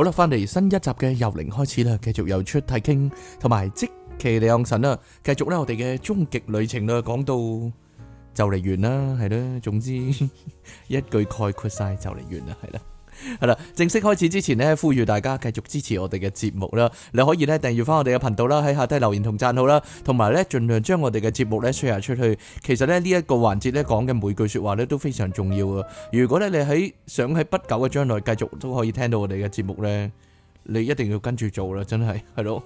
好啦，翻嚟新一集嘅由零開始啦，繼續由出太傾同埋積奇兩神啦，繼續咧我哋嘅終極旅程啦，講到就嚟完啦，係啦，總之一句概括晒就嚟完啦，係啦。係啦，正式開始之前咧，呼籲大家繼續支持我哋嘅節目啦。你可以咧訂閱翻我哋嘅頻道啦，喺下低留言同讚好啦，同埋咧盡量將我哋嘅節目咧 share 出去。其實咧呢一個環節咧講嘅每句説話咧都非常重要啊。如果咧你喺想喺不久嘅將來繼續都可以聽到我哋嘅節目咧，你一定要跟住做啦，真係係。咯。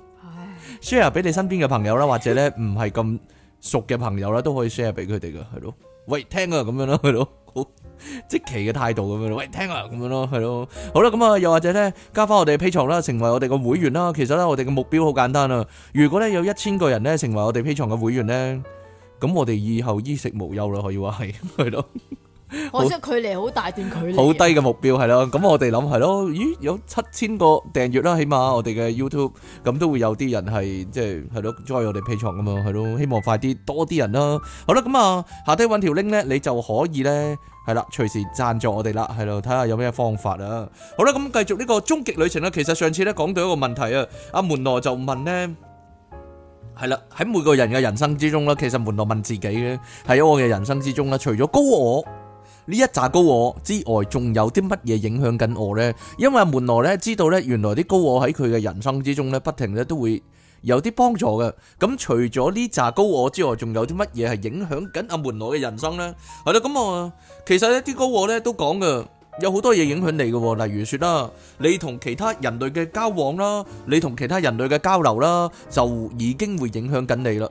share 俾 你身邊嘅朋友啦，或者咧唔係咁熟嘅朋友啦，都可以 share 俾佢哋噶，係咯。喂，聽啊，咁樣啦，係咯。 即期嘅態度咁樣，喂聽啊咁樣咯，係咯，好啦咁啊，又或者咧，加翻我哋 P 床啦，成為我哋個會員啦。其實咧，我哋嘅目標好簡單啊。如果咧有一千個人咧成為我哋 P 床嘅會員咧，咁我哋以後衣食無憂啦，可以話係，係咯。我想距離好大段距離。好低嘅目標係咯，咁 我哋諗係咯，咦有七千個訂閱啦，起碼我哋嘅 YouTube 咁都會有啲人係即係係咯 join 我哋 P 床噶嘛，係咯，希望快啲多啲人啦。好啦，咁、嗯、啊下低搵條 link 咧，你就可以咧。係啦，隨時贊助我哋啦，係咯，睇下有咩方法啊。好啦，咁繼續呢個終極旅程啦。其實上次呢講到一個問題啊，阿門羅就問呢，係啦，喺每個人嘅人生之中呢，其實門羅問自己呢，喺我嘅人生之中呢，除咗高我呢一紮高我之外，仲有啲乜嘢影響緊我呢？因為門羅呢知道呢，原來啲高我喺佢嘅人生之中呢，不停呢都會。有啲幫助嘅，咁除咗呢紮高我之外，仲有啲乜嘢係影響緊阿門羅嘅人生咧？係啦，咁啊，其實咧啲高我咧都講嘅，有好多嘢影響你嘅，例如說啦，你同其他人類嘅交往啦，你同其他人類嘅交流啦，就已經會影響緊你啦。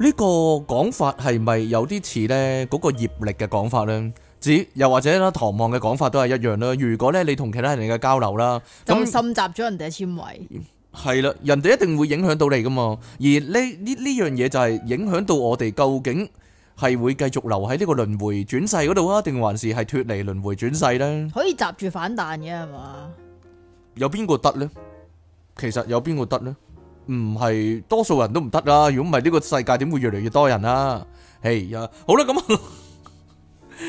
呢個講法係咪有啲似咧嗰個業力嘅講法咧？指又或者啦，唐望嘅講法都係一樣啦。如果咧你同其他人嘅交流啦，咁滲雜咗人哋嘅纖維。係啦，人哋一定會影響到你噶嘛，而呢呢呢樣嘢就係影響到我哋究竟係會繼續留喺呢個輪迴轉世嗰度啊，定還是係脫離輪迴轉世呢？可以集住反彈嘅係嘛？有邊個得呢？其實有邊個得呢？唔係多數人都唔得啦。如果唔係呢個世界點會越嚟越多人啊？誒，好啦，咁。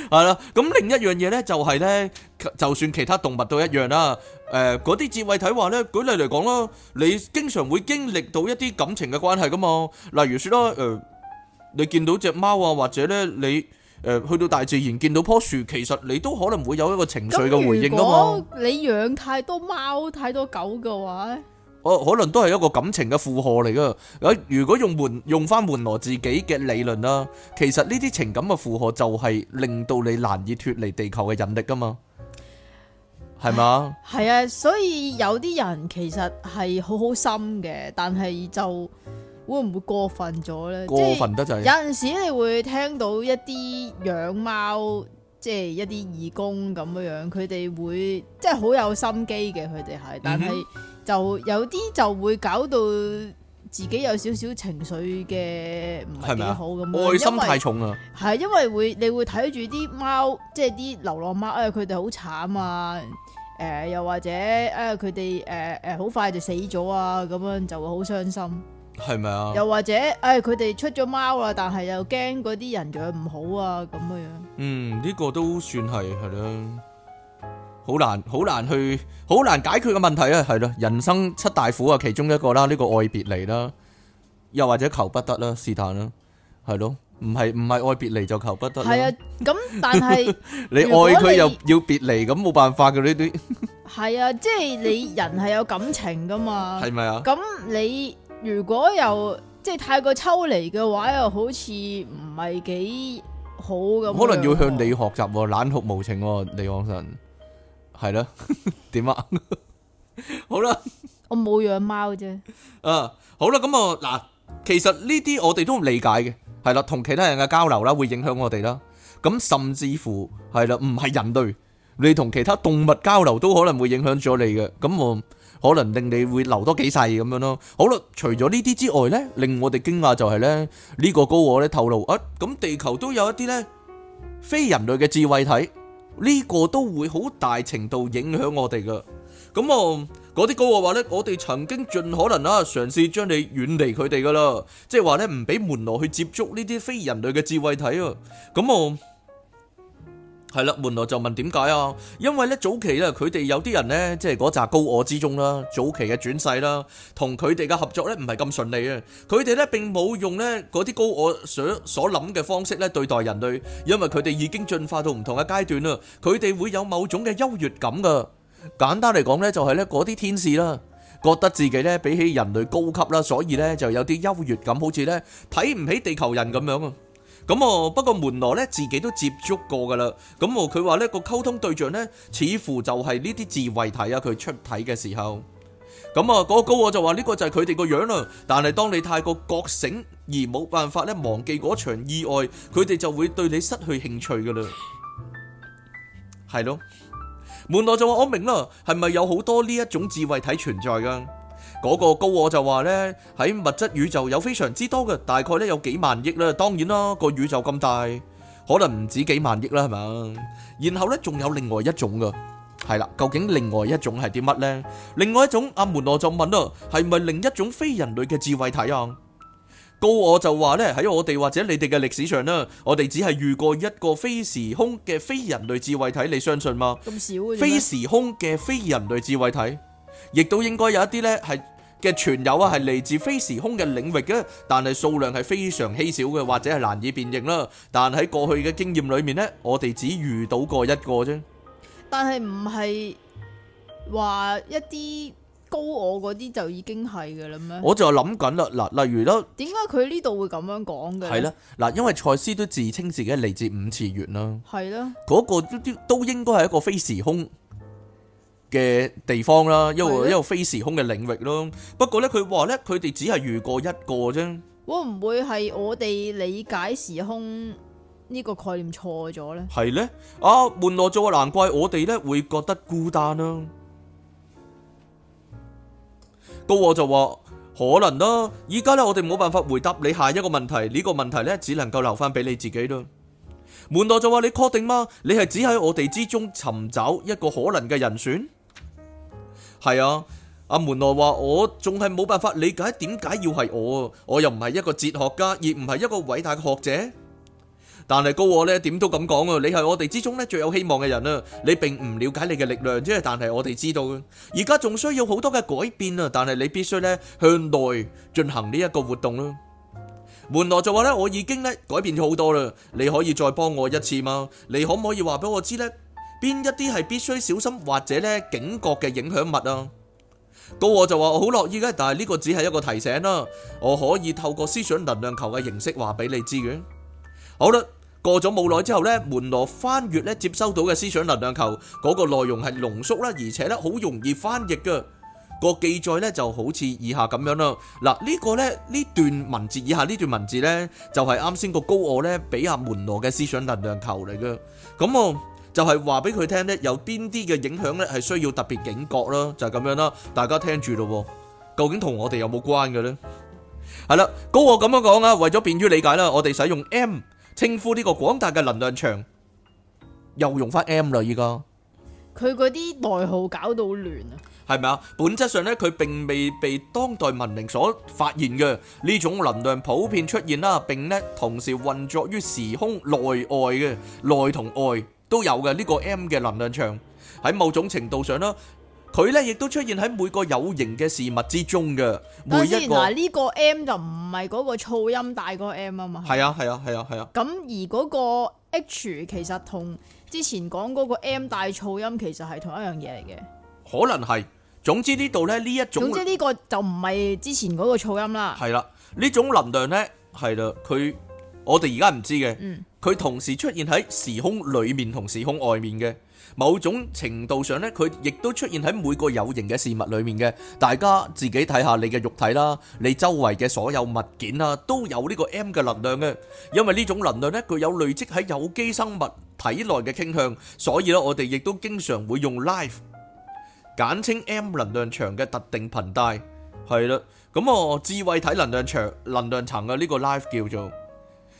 係啦，咁另一樣嘢咧就係咧，就算其他動物都一樣啦。誒，嗰啲智慧體話咧，舉例嚟講啦，你經常會經歷到一啲感情嘅關係噶嘛。例如說啦，誒，你見到隻貓啊，或者咧你誒去到大自然見到棵樹，其實你都可能會有一個情緒嘅回應噶嘛。你養太多貓太多狗嘅話咧？我可能都係一個感情嘅負荷嚟噶，如果用門用翻門羅自己嘅理論啦，其實呢啲情感嘅負荷就係令到你難以脫離地球嘅引力噶嘛，係嘛唉？係吧啊，所以有啲人其實係好好心嘅，但係就會唔會過分咗呢？過分得就係有陣時你會聽到一啲養貓。即係一啲義工咁樣樣，佢哋會即係好有心機嘅，佢哋係，但係就有啲就會搞到自己有少少情緒嘅唔係幾好咁，愛心太重啊，係因，因為會你會睇住啲貓，即係啲流浪貓啊，佢哋好慘啊，誒、呃、又或者啊佢哋誒誒好快就死咗啊，咁樣就會好傷心。係咪啊？又或者，誒，佢哋出咗貓啊，但係又驚嗰啲人養唔好啊，咁嘅樣。嗯，呢個都算係係啦，好難好難去好難解決嘅問題啊，係咯，人生七大苦啊，其中一個啦，呢個愛別離啦，又或者求不得啦，是但啦，係咯，唔係唔係愛別離就求不得。係啊，咁但係你愛佢又要別離，咁冇辦法噶呢啲。係啊，即係你人係有感情噶嘛，係咪啊？咁你。如果又即係太過抽離嘅話，又好似唔係幾好咁。可能要向你學習，冷酷無情，李光臣係啦，點啊？好啦，我冇養貓啫。啊，好啦，咁我嗱，其實呢啲我哋都理解嘅，係啦，同其他人嘅交流啦，會影響我哋啦。咁甚至乎係啦，唔係人類，你同其他動物交流都可能會影響咗你嘅。咁我。可能令你會留多幾世咁樣咯。好啦，除咗呢啲之外咧，令我哋驚訝就係咧呢個高我咧透露啊，咁地球都有一啲咧非人類嘅智慧體，呢個都會好大程度影響我哋噶。咁啊，嗰啲高我話咧，我哋曾經盡可能啊嘗試將你遠離佢哋噶啦，即係話咧唔俾門羅去接觸呢啲非人類嘅智慧體啊。咁啊。係啦，門羅就問點解啊？因為咧早期咧，佢哋有啲人咧，即係嗰扎高我之中啦，早期嘅轉世啦，同佢哋嘅合作咧唔係咁順利啊。佢哋咧並冇用咧嗰啲高我想所諗嘅方式咧對待人類，因為佢哋已經進化到唔同嘅階段啦，佢哋會有某種嘅優越感噶。簡單嚟講咧，就係咧嗰啲天使啦，覺得自己咧比起人類高級啦，所以咧就有啲優越感，好似咧睇唔起地球人咁樣啊。咁哦、嗯，不過門羅咧自己都接觸過噶啦，咁哦佢話呢個溝通對象呢，似乎就係呢啲智慧體啊，佢出體嘅時候，咁、嗯、啊、那個、高我就話呢、這個就係佢哋個樣啦，但係當你太過覺醒而冇辦法咧忘記嗰場意外，佢哋就會對你失去興趣噶啦，係咯，門羅就話我明啦，係咪有好多呢一種智慧體存在噶？嗰個高我就話呢，喺物質宇宙有非常之多嘅，大概呢有幾萬億啦。當然啦，個宇宙咁大，可能唔止幾萬億啦，係咪啊？然後呢仲有另外一種噶，係啦。究竟另外一種係啲乜呢？另外一種阿門羅就問啦，係咪另一種非人類嘅智慧體啊？高我就話呢，喺我哋或者你哋嘅歷史上呢，我哋只係遇過一個非時空嘅非人類智慧體，你相信嗎？咁少嘅，非時空嘅非人類智慧體。亦都應該有一啲呢，係嘅傳友啊，係嚟自非時空嘅領域嘅，但係數量係非常稀少嘅，或者係難以辨認啦。但喺過去嘅經驗裏面呢，我哋只遇到過一個啫。但係唔係話一啲高我嗰啲就已經係嘅啦咩？我就諗緊啦，嗱，例如啦，點解佢呢度會咁樣講嘅？係啦，嗱，因為賽斯都自稱自己係嚟自五次元啦，係啦的，嗰個都都都應該係一個非時空嘅地方啦，一個一個非時空嘅領域咯。不過呢，佢話呢，佢哋只係遇過一個啫。會唔會係我哋理解時空呢個概念錯咗呢？係呢，啊，門羅就話難怪我哋呢會覺得孤單啊。高我就話可能啦。依家呢，我哋冇辦法回答你下一個問題。呢、呢個問題呢，只能夠留翻俾你自己啦。門羅就話你確定嗎？你係只喺我哋之中尋找一個可能嘅人選？係啊，阿、啊、門羅話，我仲係冇辦法理解點解要係我，我又唔係一個哲學家，而唔係一個偉大嘅學者。但係高我呢點都咁講啊，你係我哋之中呢最有希望嘅人啊。你並唔了解你嘅力量，啫，但係我哋知道，而家仲需要好多嘅改變啊！但係你必須呢向內進行呢一個活動咯。門羅就話呢，我已經呢改變咗好多啦，你可以再幫我一次嗎？你可唔可以話俾我知呢？邊一啲係必須小心或者咧警覺嘅影響物啊？高我就話我好樂意嘅，但係呢個只係一個提醒啦。我可以透過思想能量球嘅形式話俾你知嘅。好啦，過咗冇耐之後咧，門羅翻閱咧接收到嘅思想能量球嗰個內容係濃縮啦，而且咧好容易翻譯㗎。個記載咧就好似以下咁樣啦。嗱呢個咧呢段文字以下呢段文字咧就係啱先個高我咧俾阿門羅嘅思想能量球嚟嘅，咁啊。就係話俾佢聽咧，有邊啲嘅影響咧係需要特別警覺啦，就係咁樣啦，大家聽住咯。究竟同我哋有冇關嘅呢？係啦，高我咁樣講啊，為咗便於理解啦，我哋使用 M 稱呼呢個廣大嘅能量場，又用翻 M 啦依家。佢嗰啲代號搞到亂啊！係咪啊？本質上咧，佢並未被當代文明所發現嘅。呢種能量普遍出現啦，並咧同時運作於時空內外嘅內同外。都有嘅呢、呢個 M 嘅能量場喺某種程度上咧，佢呢亦都出現喺每個有形嘅事物之中嘅。每一個呢、啊呢個 M 就唔係嗰個噪音大個 M 啊嘛。係啊，係啊，係啊，係啊。咁、啊啊啊、而嗰個 H 其實同之前講嗰個 M 大噪音其實係同一樣嘢嚟嘅。可能係。總之呢度咧呢一種，總之呢個就唔係之前嗰個噪音啦。係啦、啊，呢種能量呢，係啦、啊，佢我哋而家唔知嘅。嗯。佢同時出現喺時空裡面同時空外面嘅，某種程度上咧，佢亦都出現喺每個有形嘅事物裡面嘅。大家自己睇下你嘅肉體啦，你周圍嘅所有物件啊，都有呢個 M 嘅能量嘅。因為呢種能量咧，具有累積喺有機生物體內嘅傾向，所以咧，我哋亦都經常會用 life 簡稱 M 能量場嘅特定頻帶。係啦，咁我智慧體能量場能量場嘅呢個 life 叫做。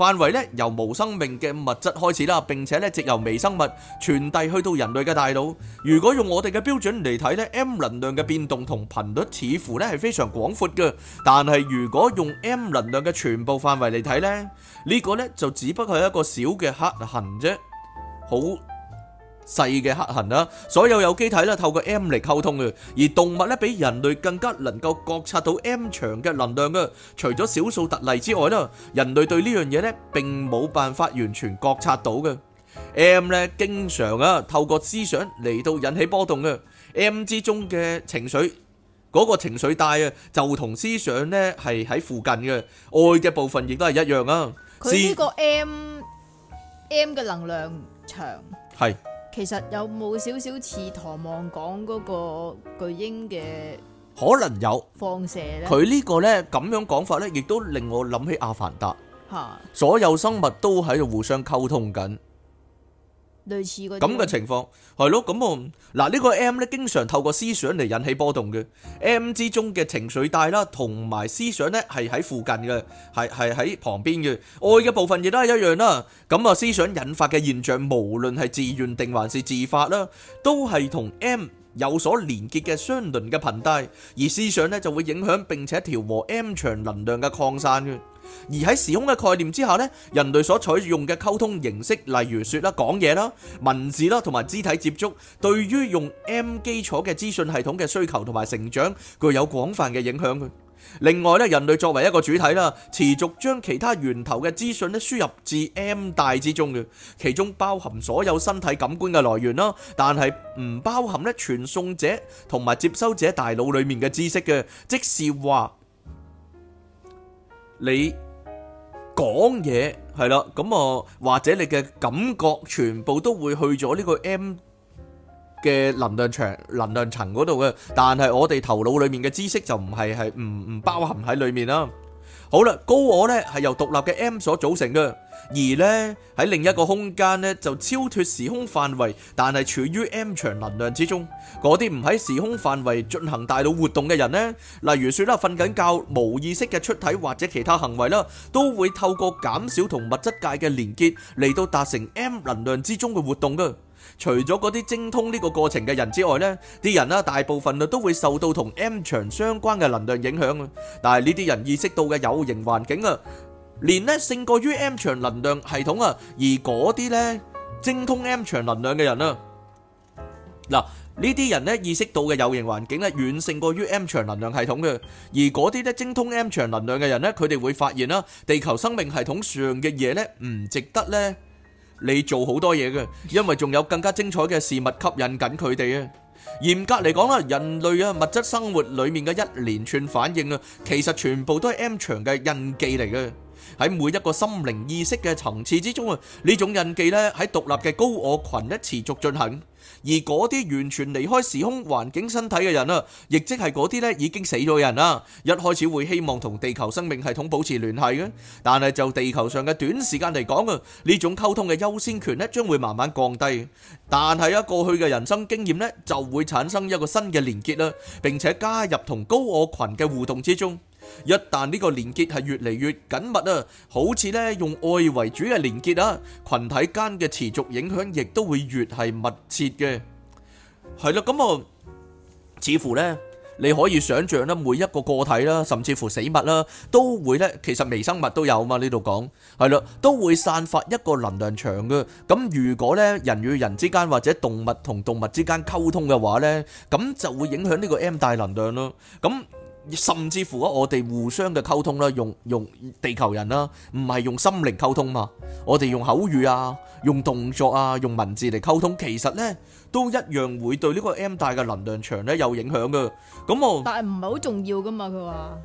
範圍咧由無生命嘅物質開始啦，並且咧直由微生物傳遞去到人類嘅大腦。如果用我哋嘅標準嚟睇咧，M 能量嘅變動同頻率似乎咧係非常廣闊嘅。但係如果用 M 能量嘅全部範圍嚟睇咧，呢個咧就只不過係一個小嘅黑痕啫。好。細嘅黑痕啦，所有有機體啦，透過 M 嚟溝通嘅，而動物咧比人類更加能夠覺察到 M 帶嘅能量嘅。除咗少數特例之外啦，人類對呢樣嘢咧並冇辦法完全覺察到嘅。M 咧經常啊透過思想嚟到引起波動嘅，M 之中嘅情緒嗰個情緒帶啊就同思想咧係喺附近嘅，愛嘅部分亦都係一樣啊。佢呢個 M M 嘅能量長係。其實有冇少少似唐望講嗰個巨鷹嘅？可能有放射咧。佢呢個咧咁樣講法咧，亦都令我諗起阿凡達。吓，所有生物都喺度互相溝通緊。類似咁嘅情況係咯，咁啊嗱呢個 M 咧，經常透過思想嚟引起波動嘅 M 之中嘅情緒帶啦，同埋思想咧係喺附近嘅，係係喺旁邊嘅愛嘅部分亦都係一樣啦。咁啊，思想引發嘅現象，無論係自願定還是自發啦，都係同 M。有所連結嘅相鄰嘅頻帶，而思想咧就會影響並且調和 M 場能量嘅擴散嘅。而喺時空嘅概念之下咧，人類所採用嘅溝通形式，例如説啦，講嘢啦、文字啦、同埋肢體接觸，對於用 M 基礎嘅資訊系統嘅需求同埋成長具有廣泛嘅影響嘅。。另外咧，人類作為一個主體啦，持續將其他源頭嘅資訊咧輸入至 M 帶之中嘅，其中包含所有身體感官嘅來源啦，但係唔包含咧傳送者同埋接收者大腦裡面嘅知識嘅，即是話你講嘢係啦，咁啊或者你嘅感覺全部都會去咗呢個 M 嘅能量場、能量層嗰度嘅，但係我哋頭腦裏面嘅知識就唔係係唔唔包含喺裏面啦。好啦，高我呢係由獨立嘅 M 所組成嘅，而呢喺另一個空間呢就超脱時空範圍，但係處於 M 場能量之中。嗰啲唔喺時空範圍進行大腦活動嘅人呢，例如說啦，瞓緊覺、無意識嘅出體或者其他行為啦，都會透過減少同物質界嘅連結嚟到達成 M 能量之中嘅活動嘅。除咗嗰啲精通呢個過程嘅人之外咧，呢啲人咧大部分啊都會受到同 M 場相關嘅能量影響。但係呢啲人意識到嘅有形環境啊，連咧勝過於 M 場能量系統啊，而嗰啲咧精通 M 場能量嘅人啊，嗱呢啲人咧意識到嘅有形環境咧遠勝過於 M 場能量系統嘅，而嗰啲咧精通 M 場能量嘅人咧，佢哋會發現啦，地球生命系統上嘅嘢咧唔值得咧。你做好多嘢嘅，因為仲有更加精彩嘅事物吸引緊佢哋啊！嚴格嚟講啦，人類啊，物質生活裡面嘅一連串反應啊，其實全部都係 M 場嘅印記嚟嘅。喺每一個心靈意識嘅層次之中啊，呢種印記咧喺獨立嘅高我群咧持續進行，而嗰啲完全離開時空環境身體嘅人啊，亦即係嗰啲咧已經死咗嘅人啦，一開始會希望同地球生命系統保持聯繫嘅，但係就地球上嘅短時間嚟講啊，呢種溝通嘅優先權咧將會慢慢降低，但係啊過去嘅人生經驗咧就會產生一個新嘅連結啦，並且加入同高我群嘅互動之中。一旦呢個連結係越嚟越緊密啊，好似咧用愛為主嘅連結啊，群體間嘅持續影響亦都會越係密切嘅，係啦，咁啊，似乎咧你可以想象啦，每一個個體啦，甚至乎死物啦，都會咧，其實微生物都有嘛，呢度講，係啦，都會散發一個能量場嘅。咁如果咧人與人之間或者動物同動物之間溝通嘅話咧，咁就會影響呢個 M 帶能量咯，咁。甚至乎啊，我哋互相嘅溝通啦，用用地球人啦，唔係用心靈溝通嘛。我哋用口語啊，用動作啊，用文字嚟溝通，其實咧都一樣會對呢個 M 帶嘅能量場咧有影響嘅。咁我但係唔係好重要噶嘛？佢話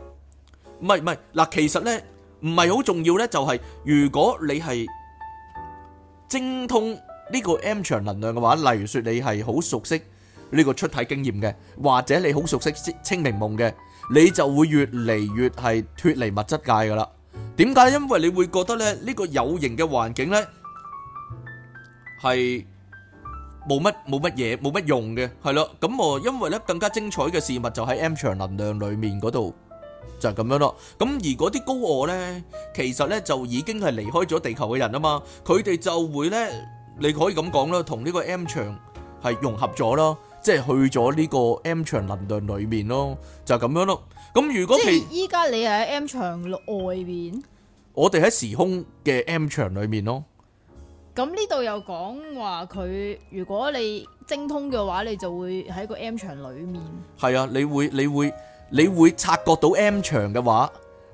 唔係，唔係，嗱，其實咧唔係好重要咧，就係如果你係精通呢個 M 帶能量嘅話，例如説你係好熟悉呢個出體經驗嘅，或者你好熟悉清明夢嘅。你就會越嚟越係脫離物質界噶啦，點解？因為你會覺得咧，呢個有形嘅環境咧係冇乜冇乜嘢冇乜用嘅，係啦。咁我因為咧更加精彩嘅事物就喺 M 場能量裏面嗰度就係咁樣咯。咁而嗰啲高我咧，其實咧就已經係離開咗地球嘅人啊嘛，佢哋就會咧，你可以咁講啦，同呢個 M 場係融合咗咯。即係去咗呢個 M 場能量裏面咯，就咁樣咯。咁如果譬如依家你係喺 M 場外面，我哋喺時空嘅 M 場裏面咯。咁呢度又講話佢，如果你精通嘅話，你就會喺個 M 場裏面。係啊，你會你會你會察覺到 M 場嘅話，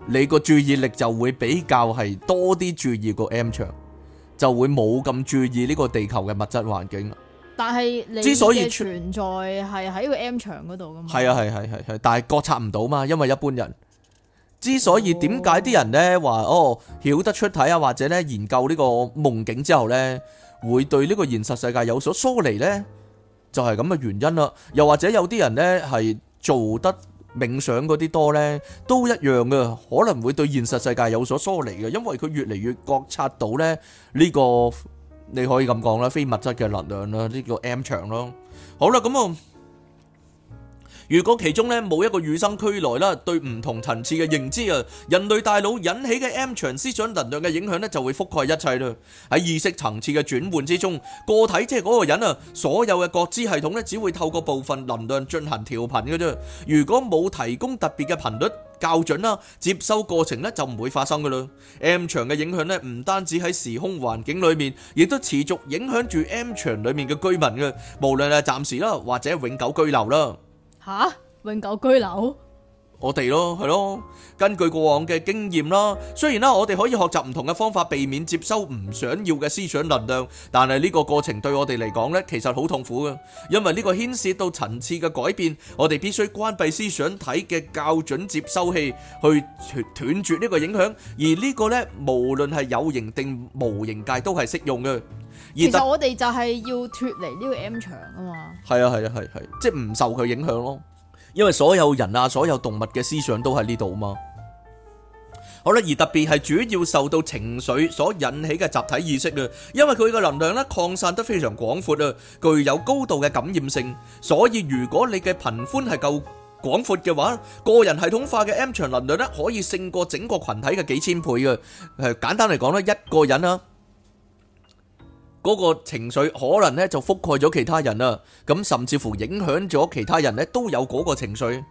你個注意力就會比較係多啲注意個 M 場，就會冇咁注意呢個地球嘅物質環境。但係你嘅之所以存在係喺個 M 場嗰度噶嘛？係啊係係係係，但係覺察唔到嘛，因為一般人之所以點解啲人呢話哦曉得出體啊，或者呢研究呢個夢境之後呢，會對呢個現實世界有所疏離呢，就係咁嘅原因啦。又或者有啲人呢係做得冥想嗰啲多呢，都一樣噶，可能會對現實世界有所疏離噶，因為佢越嚟越覺察到呢呢個。你可以咁講啦，非物質嘅能量啦，呢個 M 場咯。好啦，咁啊。如果其中咧冇一個與生俱來啦，對唔同層次嘅認知啊，人類大腦引起嘅 M 場思想能量嘅影響咧，就會覆蓋一切咯。喺意識層次嘅轉換之中，個體即係嗰個人啊，所有嘅覺知系統咧，只會透過部分能量進行調頻嘅啫。如果冇提供特別嘅頻率校準啦，接收過程咧就唔會發生㗎啦。M 場嘅影響咧，唔單止喺時空環境裡面，亦都持續影響住 M 場裡面嘅居民嘅，無論係暫時啦，或者永久居留啦。吓，永久居留。我哋咯，係咯，根據過往嘅經驗啦。雖然啦，我哋可以學習唔同嘅方法避免接收唔想要嘅思想能量，但係呢個過程對我哋嚟講呢，其實好痛苦嘅，因為呢個牽涉到層次嘅改變，我哋必須關閉思想體嘅校準接收器，去斷斷絕呢個影響。而呢個呢，無論係有形定無形界都係適用嘅。其實我哋就係要脫離呢個 M 場啊嘛。係啊係啊係係，即係唔受佢影響咯。因為所有人啊，所有動物嘅思想都喺呢度啊嘛，好啦，而特別係主要受到情緒所引起嘅集體意識啊，因為佢個能量咧擴散得非常廣闊啊，具有高度嘅感染性，所以如果你嘅頻寬係夠廣闊嘅話，個人系統化嘅 M 帶能量咧可以勝過整個群體嘅幾千倍嘅，誒，簡單嚟講咧，一個人啊。嗰個情緒可能咧就覆蓋咗其他人啦，咁甚至乎影響咗其他人咧都有嗰個情緒，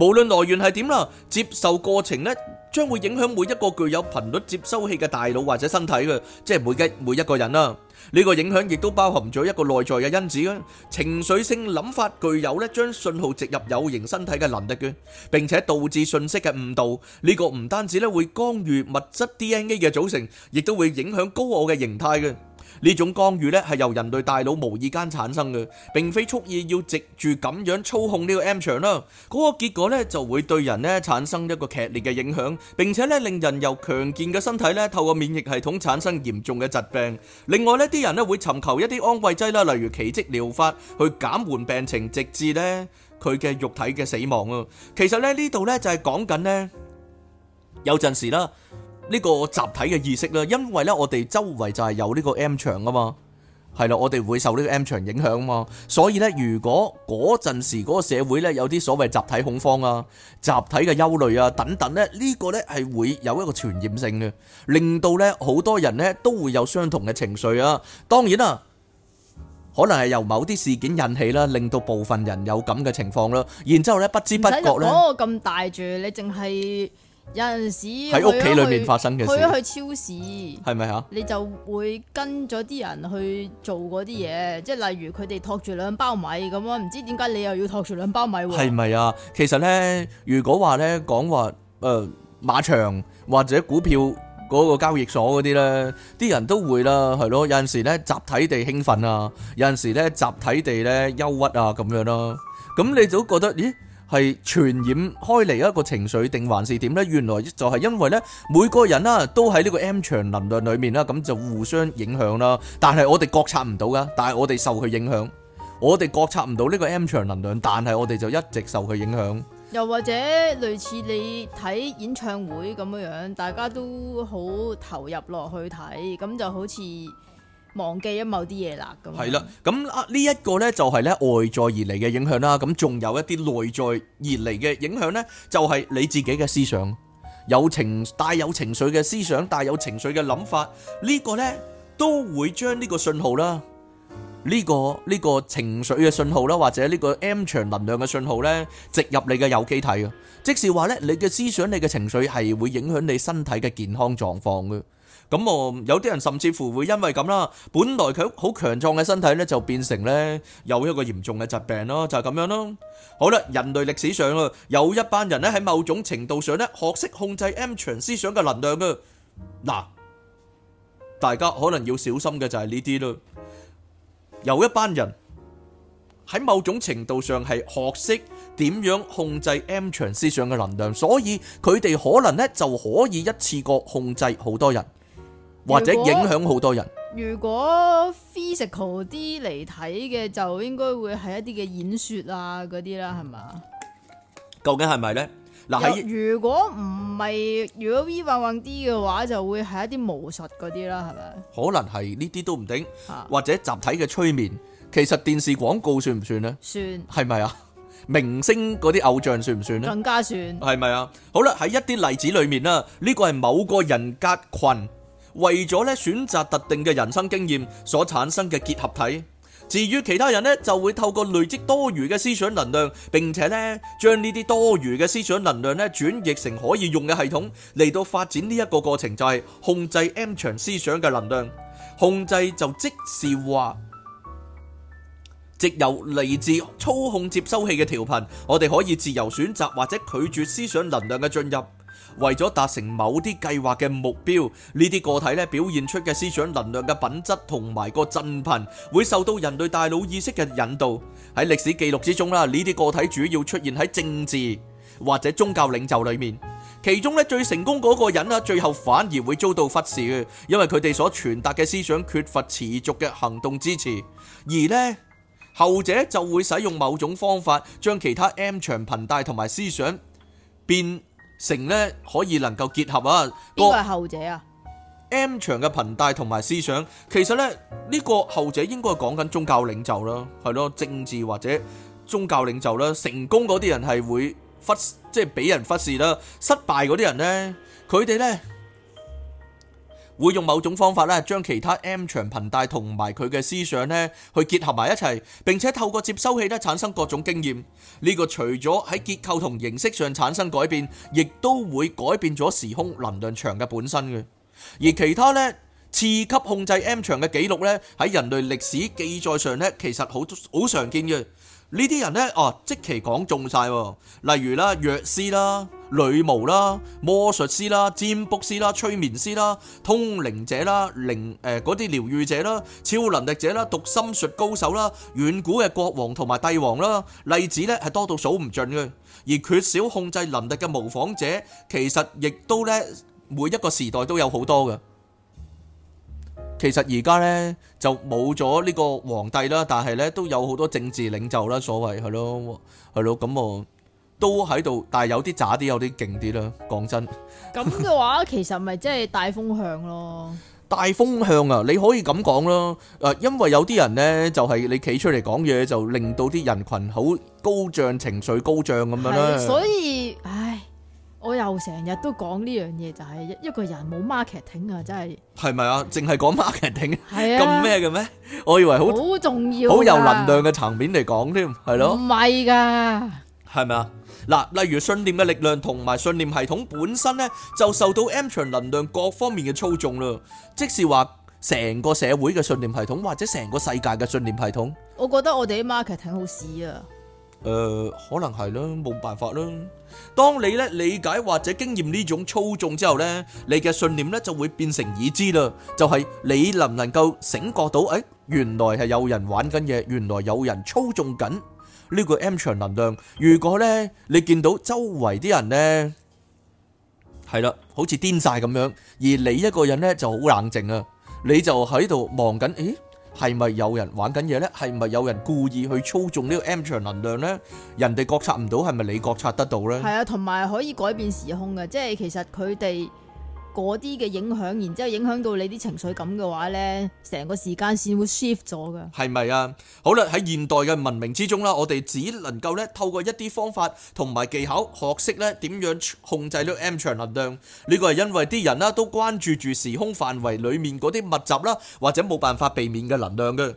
無論來源係點啦，接受過程咧將會影響每一個具有頻率接收器嘅大腦或者身體嘅，即係每一每一個人啦。呢個影響亦都包含咗一個內在嘅因子啦，情緒性諗法具有咧將信號植入有形身體嘅能力嘅，並且導致信息嘅誤導。呢個唔單止咧會干預物質 DNA 嘅組成，亦都會影響高我嘅形態嘅。呢種干預咧係由人類大腦無意間產生嘅，並非蓄意要藉住咁樣操控呢個 M 場啦。嗰個結果咧就會對人咧產生一個劇烈嘅影響，並且咧令人由強健嘅身體咧透過免疫系統產生嚴重嘅疾病。另外呢啲人咧會尋求一啲安慰劑啦，例如奇蹟療法去減緩病情，直至咧佢嘅肉體嘅死亡啊。其實咧呢度咧就係講緊呢，有陣時啦。呢個集體嘅意識啦，因為咧我哋周圍就係有呢個 M 場啊嘛，係啦，我哋會受呢個 M 場影響嘛，所以咧如果嗰陣時嗰個社會咧有啲所謂集體恐慌啊、集體嘅憂慮啊等等咧，呢個咧係會有一個傳染性嘅，令到咧好多人咧都會有相同嘅情緒啊。當然啦，可能係由某啲事件引起啦，令到部分人有咁嘅情況啦。然之後咧不知不覺咧。唔使嗰個咁大住，你淨係。有陣時喺屋企裏邊發生嘅事，去一去超市，係咪啊？你就會跟咗啲人去做嗰啲嘢，即係、嗯、例如佢哋托住兩包米咁啊，唔知點解你又要托住兩包米喎？係咪啊？其實咧，如果話咧講話，誒、呃，馬場或者股票嗰個交易所嗰啲咧，啲人都會啦，係咯。有陣時咧集體地興奮啊，有陣時咧集體地咧憂鬱啊，咁樣咯。咁你就覺得，咦？係傳染開嚟一個情緒定還是點呢？原來就係因為呢，每個人啦都喺呢個 M 場能量裏面啦，咁就互相影響啦。但係我哋覺察唔到噶，但係我哋受佢影響，我哋覺察唔到呢個 M 場能量，但係我哋就一直受佢影響。又或者類似你睇演唱會咁樣，大家都好投入落去睇，咁就好似。忘記咗某啲嘢啦，咁係啦，咁啊呢一個呢，就係呢外在而嚟嘅影響啦，咁仲有一啲內在而嚟嘅影響呢，就係你自己嘅思想有情帶有情緒嘅思想帶有情緒嘅諗法，呢個呢，都會將呢個信號啦，呢個呢個情緒嘅信號啦，或者呢個 M 帶能量嘅信號呢，植入你嘅有機體嘅，即係話呢，你嘅思想你嘅情緒係會影響你身體嘅健康狀況嘅。咁我有啲人甚至乎會因為咁啦，本來佢好強壯嘅身體咧就變成咧有一個嚴重嘅疾病咯，就係咁樣咯。好啦，人類歷史上啊有一班人咧喺某種程度上咧學識控制 M 帶思想嘅能量噶，嗱，大家可能要小心嘅就係呢啲咯。有一班人喺某種程度上係學識點樣控制 M 帶思想嘅能量，所以佢哋可能咧就可以一次過控制好多人。或者影響好多人。如果 physical 啲嚟睇嘅，就應該會係一啲嘅演說啊嗰啲啦，係嘛？究竟係咪咧？嗱，如果唔係，如果 v i b 啲嘅話，就會係一啲魔術嗰啲啦，係咪？可能係呢啲都唔定，或者集體嘅催眠。其實電視廣告算唔算呢？算，係咪啊？明星嗰啲偶像算唔算呢？更加算，係咪啊？好啦，喺一啲例子裏面啦，呢個係某個人格群。為咗咧選擇特定嘅人生經驗所產生嘅結合體，至於其他人咧就會透過累積多餘嘅思想能量，並且咧將呢啲多餘嘅思想能量咧轉譯成可以用嘅系統嚟到發展呢一個過程，就係、是、控制 M 場思想嘅能量。控制就即是話，藉由嚟自操控接收器嘅調頻，我哋可以自由選擇或者拒絕思想能量嘅進入。為咗達成某啲計劃嘅目標，呢啲個體咧表現出嘅思想能量嘅品質同埋個振頻，會受到人類大腦意識嘅引導。喺歷史記錄之中啦，呢啲個體主要出現喺政治或者宗教領袖裏面。其中咧最成功嗰個人啊，最後反而會遭到忽視，因為佢哋所傳達嘅思想缺乏持續嘅行動支持。而呢後者就會使用某種方法，將其他 M 長頻帶同埋思想變。成咧可以能夠結合啊，邊個係後者啊？M 場嘅頻帶同埋思想，其實咧呢個後者應該係講緊宗教領袖啦，係咯，政治或者宗教領袖啦。成功嗰啲人係會忽即係俾人忽視啦，失敗嗰啲人咧，佢哋咧。會用某種方法咧，將其他 M 場頻帶同埋佢嘅思想咧，去結合埋一齊，並且透過接收器咧，產生各種經驗。呢、呢個除咗喺結構同形式上產生改變，亦都會改變咗時空能量場嘅本身嘅。而其他咧，次級控制 M 場嘅記錄咧，喺人類歷史記載上咧，其實好好常見嘅。呢啲人呢，哦，即期講中晒，例如啦，藥師啦、女巫啦、魔術師啦、占卜師啦、催眠師啦、通靈者啦、靈誒嗰啲療愈者啦、超能力者啦、讀心術高手啦、遠古嘅國王同埋帝王啦，例子呢係多到數唔盡嘅，而缺少控制能力嘅模仿者，其實亦都呢，每一個時代都有好多嘅。其實而家咧就冇咗呢個皇帝啦，但係咧都有好多政治領袖啦，所謂係咯，係咯，咁我都喺度，但係有啲渣啲，有啲勁啲啦。講真，咁嘅話其實咪即係大風向咯，大風向啊，你可以咁講咯。誒，因為有啲人咧就係你企出嚟講嘢，就令到啲人群好高漲，情緒高漲咁樣啦。所以，唉。我又成日都講呢樣嘢，就係一一個人冇 marketing 啊，真係係咪啊？淨係講 marketing，係啊，咁咩嘅咩？我以為好好重要，好有能量嘅層面嚟講添，係咯？唔係㗎，係咪啊？嗱，例如信念嘅力量同埋信念系統本身咧，就受到 M 帶能量各方面嘅操縱啦。即是話，成個社會嘅信念系統或者成個世界嘅信念系統，我覺得我哋啲 marketing 好屎啊！誒，可能係啦，冇辦法啦。當你咧理解或者經驗呢種操縱之後咧，你嘅信念咧就會變成已知啦。就係你能唔能夠醒覺到，誒，原來係有人玩緊嘢，原來有人操縱緊呢個 M 帶能量。如果咧你見到周圍啲人咧係啦，好似癲晒咁樣，而你一個人咧就好冷靜啊，你就喺度望緊，誒。係咪有人玩緊嘢呢？係咪有人故意去操縱呢個 M 帶能量呢？人哋覺察唔到，係咪你覺察得到呢？係啊，同埋可以改變時空嘅，即係其實佢哋。嗰啲嘅影響，然之後影響到你啲情緒咁嘅話咧，成個時間線會 shift 咗噶，係咪啊？好啦，喺現代嘅文明之中啦，我哋只能夠咧透過一啲方法同埋技巧學識咧點樣控制咗 M 場能量。呢個係因為啲人啦都關注住時空範圍裡面嗰啲物質啦，或者冇辦法避免嘅能量嘅。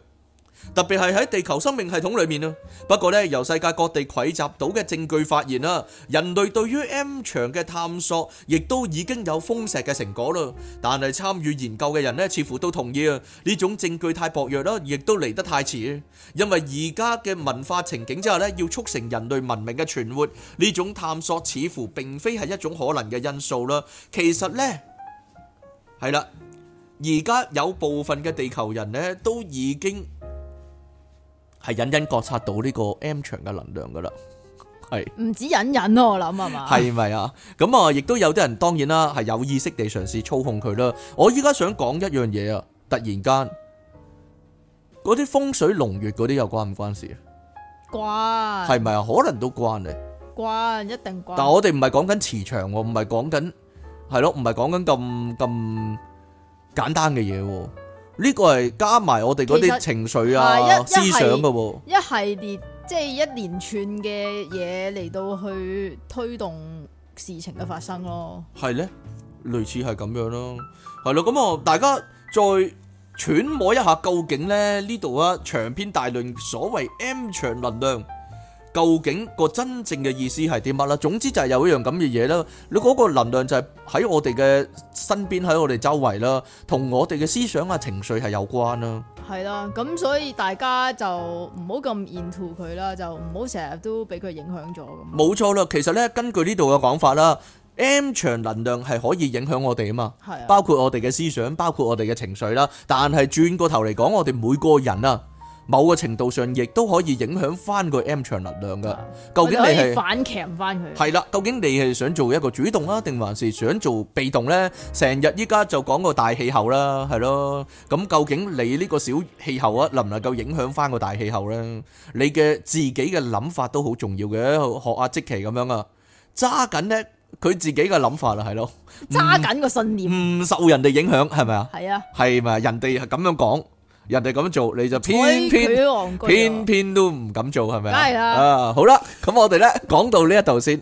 特別係喺地球生命系統裏面啦，不過咧，由世界各地匯集到嘅證據發現啦，人類對於 M 長嘅探索亦都已經有豐碩嘅成果啦。但係參與研究嘅人咧，似乎都同意啊，呢種證據太薄弱啦，亦都嚟得太遲。因為而家嘅文化情景之下咧，要促成人類文明嘅存活，呢種探索似乎並非係一種可能嘅因素啦。其實咧，係啦，而家有部分嘅地球人咧都已經。係隱隱覺察到呢個 M 場嘅能量噶啦，係唔止隱隱咯，我諗係嘛？係咪啊？咁啊，亦都有啲人當然啦，係有意識地嘗試操控佢啦。我依家想講一樣嘢啊！突然間，嗰啲風水龍穴嗰啲又關唔關事啊？關係咪啊？可能都關咧。關一定關。但係我哋唔係講緊磁場，唔係講緊係咯，唔係講緊咁咁簡單嘅嘢。呢個係加埋我哋嗰啲情緒啊、思想嘅喎，一系列即係一連串嘅嘢嚟到去推動事情嘅發生咯。係咧，類似係咁樣咯。係咯，咁我大家再揣摩一下，究竟咧呢度啊，長篇大論所謂 M 場能量。究竟個真正嘅意思係啲乜啦？總之就係有一樣咁嘅嘢啦，你嗰個能量就係喺我哋嘅身邊，喺我哋周圍啦，同我哋嘅思想啊、情緒係有關啦。係啦，咁所以大家就唔好咁沿途佢啦，就唔好成日都俾佢影響咗。冇錯啦，其實呢根據呢度嘅講法啦，M 場能量係可以影響我哋啊嘛，包括我哋嘅思想，包括我哋嘅情緒啦。但係轉過頭嚟講，我哋每個人啊。某個程度上，亦都可以影響翻個 M 場能量噶。究竟你係反強唔翻佢？係啦，究竟你係想做一個主動啊，定還是想做被動呢？成日依家就講個大氣候啦，係咯。咁究竟你呢個小氣候啊，能唔能夠影響翻個大氣候呢？你嘅自己嘅諗法都好重要嘅。學阿積奇咁樣啊，揸緊呢佢自己嘅諗法啦，係咯，揸緊個信念，唔受人哋影響，係咪啊？係啊，係咪啊？人哋係咁樣講。人哋咁做，你就偏偏偏偏都唔敢做，係咪啊？梗係啦。啊，好啦，咁我哋咧講到呢一度先，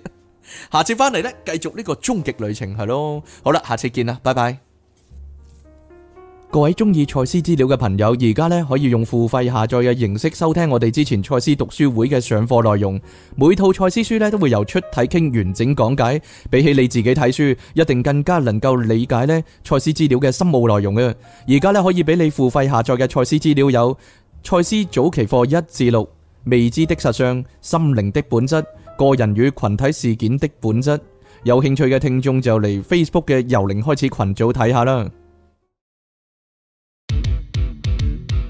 下次翻嚟咧繼續呢個終極旅程係咯。好啦，下次見啦，拜拜。各位中意賽斯資料嘅朋友，而家咧可以用付費下載嘅形式收聽我哋之前賽斯讀書會嘅上課內容。每套賽斯書咧都會由出體傾完整講解，比起你自己睇書，一定更加能夠理解呢賽斯資料嘅深奧內容嘅。而家咧可以俾你付費下載嘅賽斯資料有賽斯早期課一至六、未知的實相、心靈的本質、個人與群體事件的本質。有興趣嘅聽眾就嚟 Facebook 嘅由零開始群組睇下啦。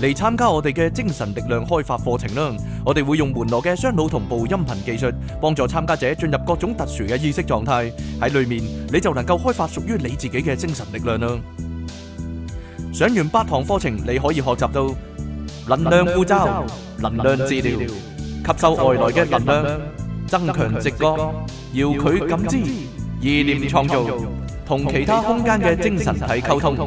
嚟參加我哋嘅精神力量開發課程啦！我哋會用門羅嘅雙腦同步音頻技術，幫助參加者進入各種特殊嘅意識狀態。喺裏面你就能夠開發屬於你自己嘅精神力量啦！上完八堂課程，你可以學習到能量護罩、能量治療、吸收外來嘅能量、增強直覺、遙距感知、意念創造同其他空間嘅精神體溝通。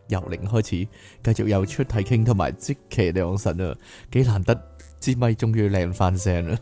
由零開始，繼續又出題傾同埋即奇兩神啊，幾難得支咪，咪終於靚翻聲啦！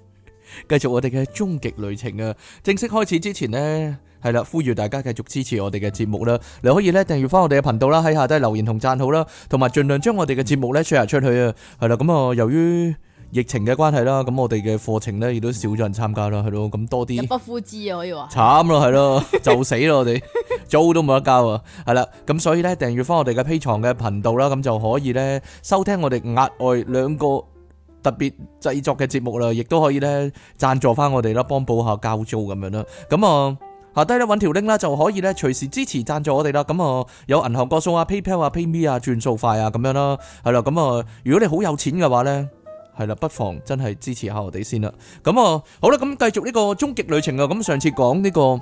繼續我哋嘅終極旅程啊！正式開始之前呢，係啦，呼籲大家繼續支持我哋嘅節目啦，你可以呢訂閱翻我哋嘅頻道啦，喺下低留言同讚好啦，同埋盡量將我哋嘅節目呢 share 出，出去啊！係啦，咁、嗯、啊，由於疫情嘅關係啦，咁我哋嘅課程呢，亦都少咗人參加啦，係咯，咁多啲一筆付知啊，可以話慘咯，係咯，就死咯，我哋租都冇得交啊，係啦，咁所以呢，訂約翻我哋嘅 P 床嘅頻道啦，咁就可以呢，收聽我哋額外兩個特別製作嘅節目啦，亦都可以呢，贊助翻我哋啦，幫補下交租咁樣啦，咁啊下低呢，揾條 link 啦，就可以呢，隨時支持贊助我哋啦，咁啊有銀行個數啊 PayPal 啊 PayMe 啊轉數快啊咁樣啦，係啦，咁啊如果你好有錢嘅話呢。係啦，不妨真係支持下我哋先啦。咁、嗯、啊，好啦，咁繼續呢個終極旅程啊。咁上次講呢個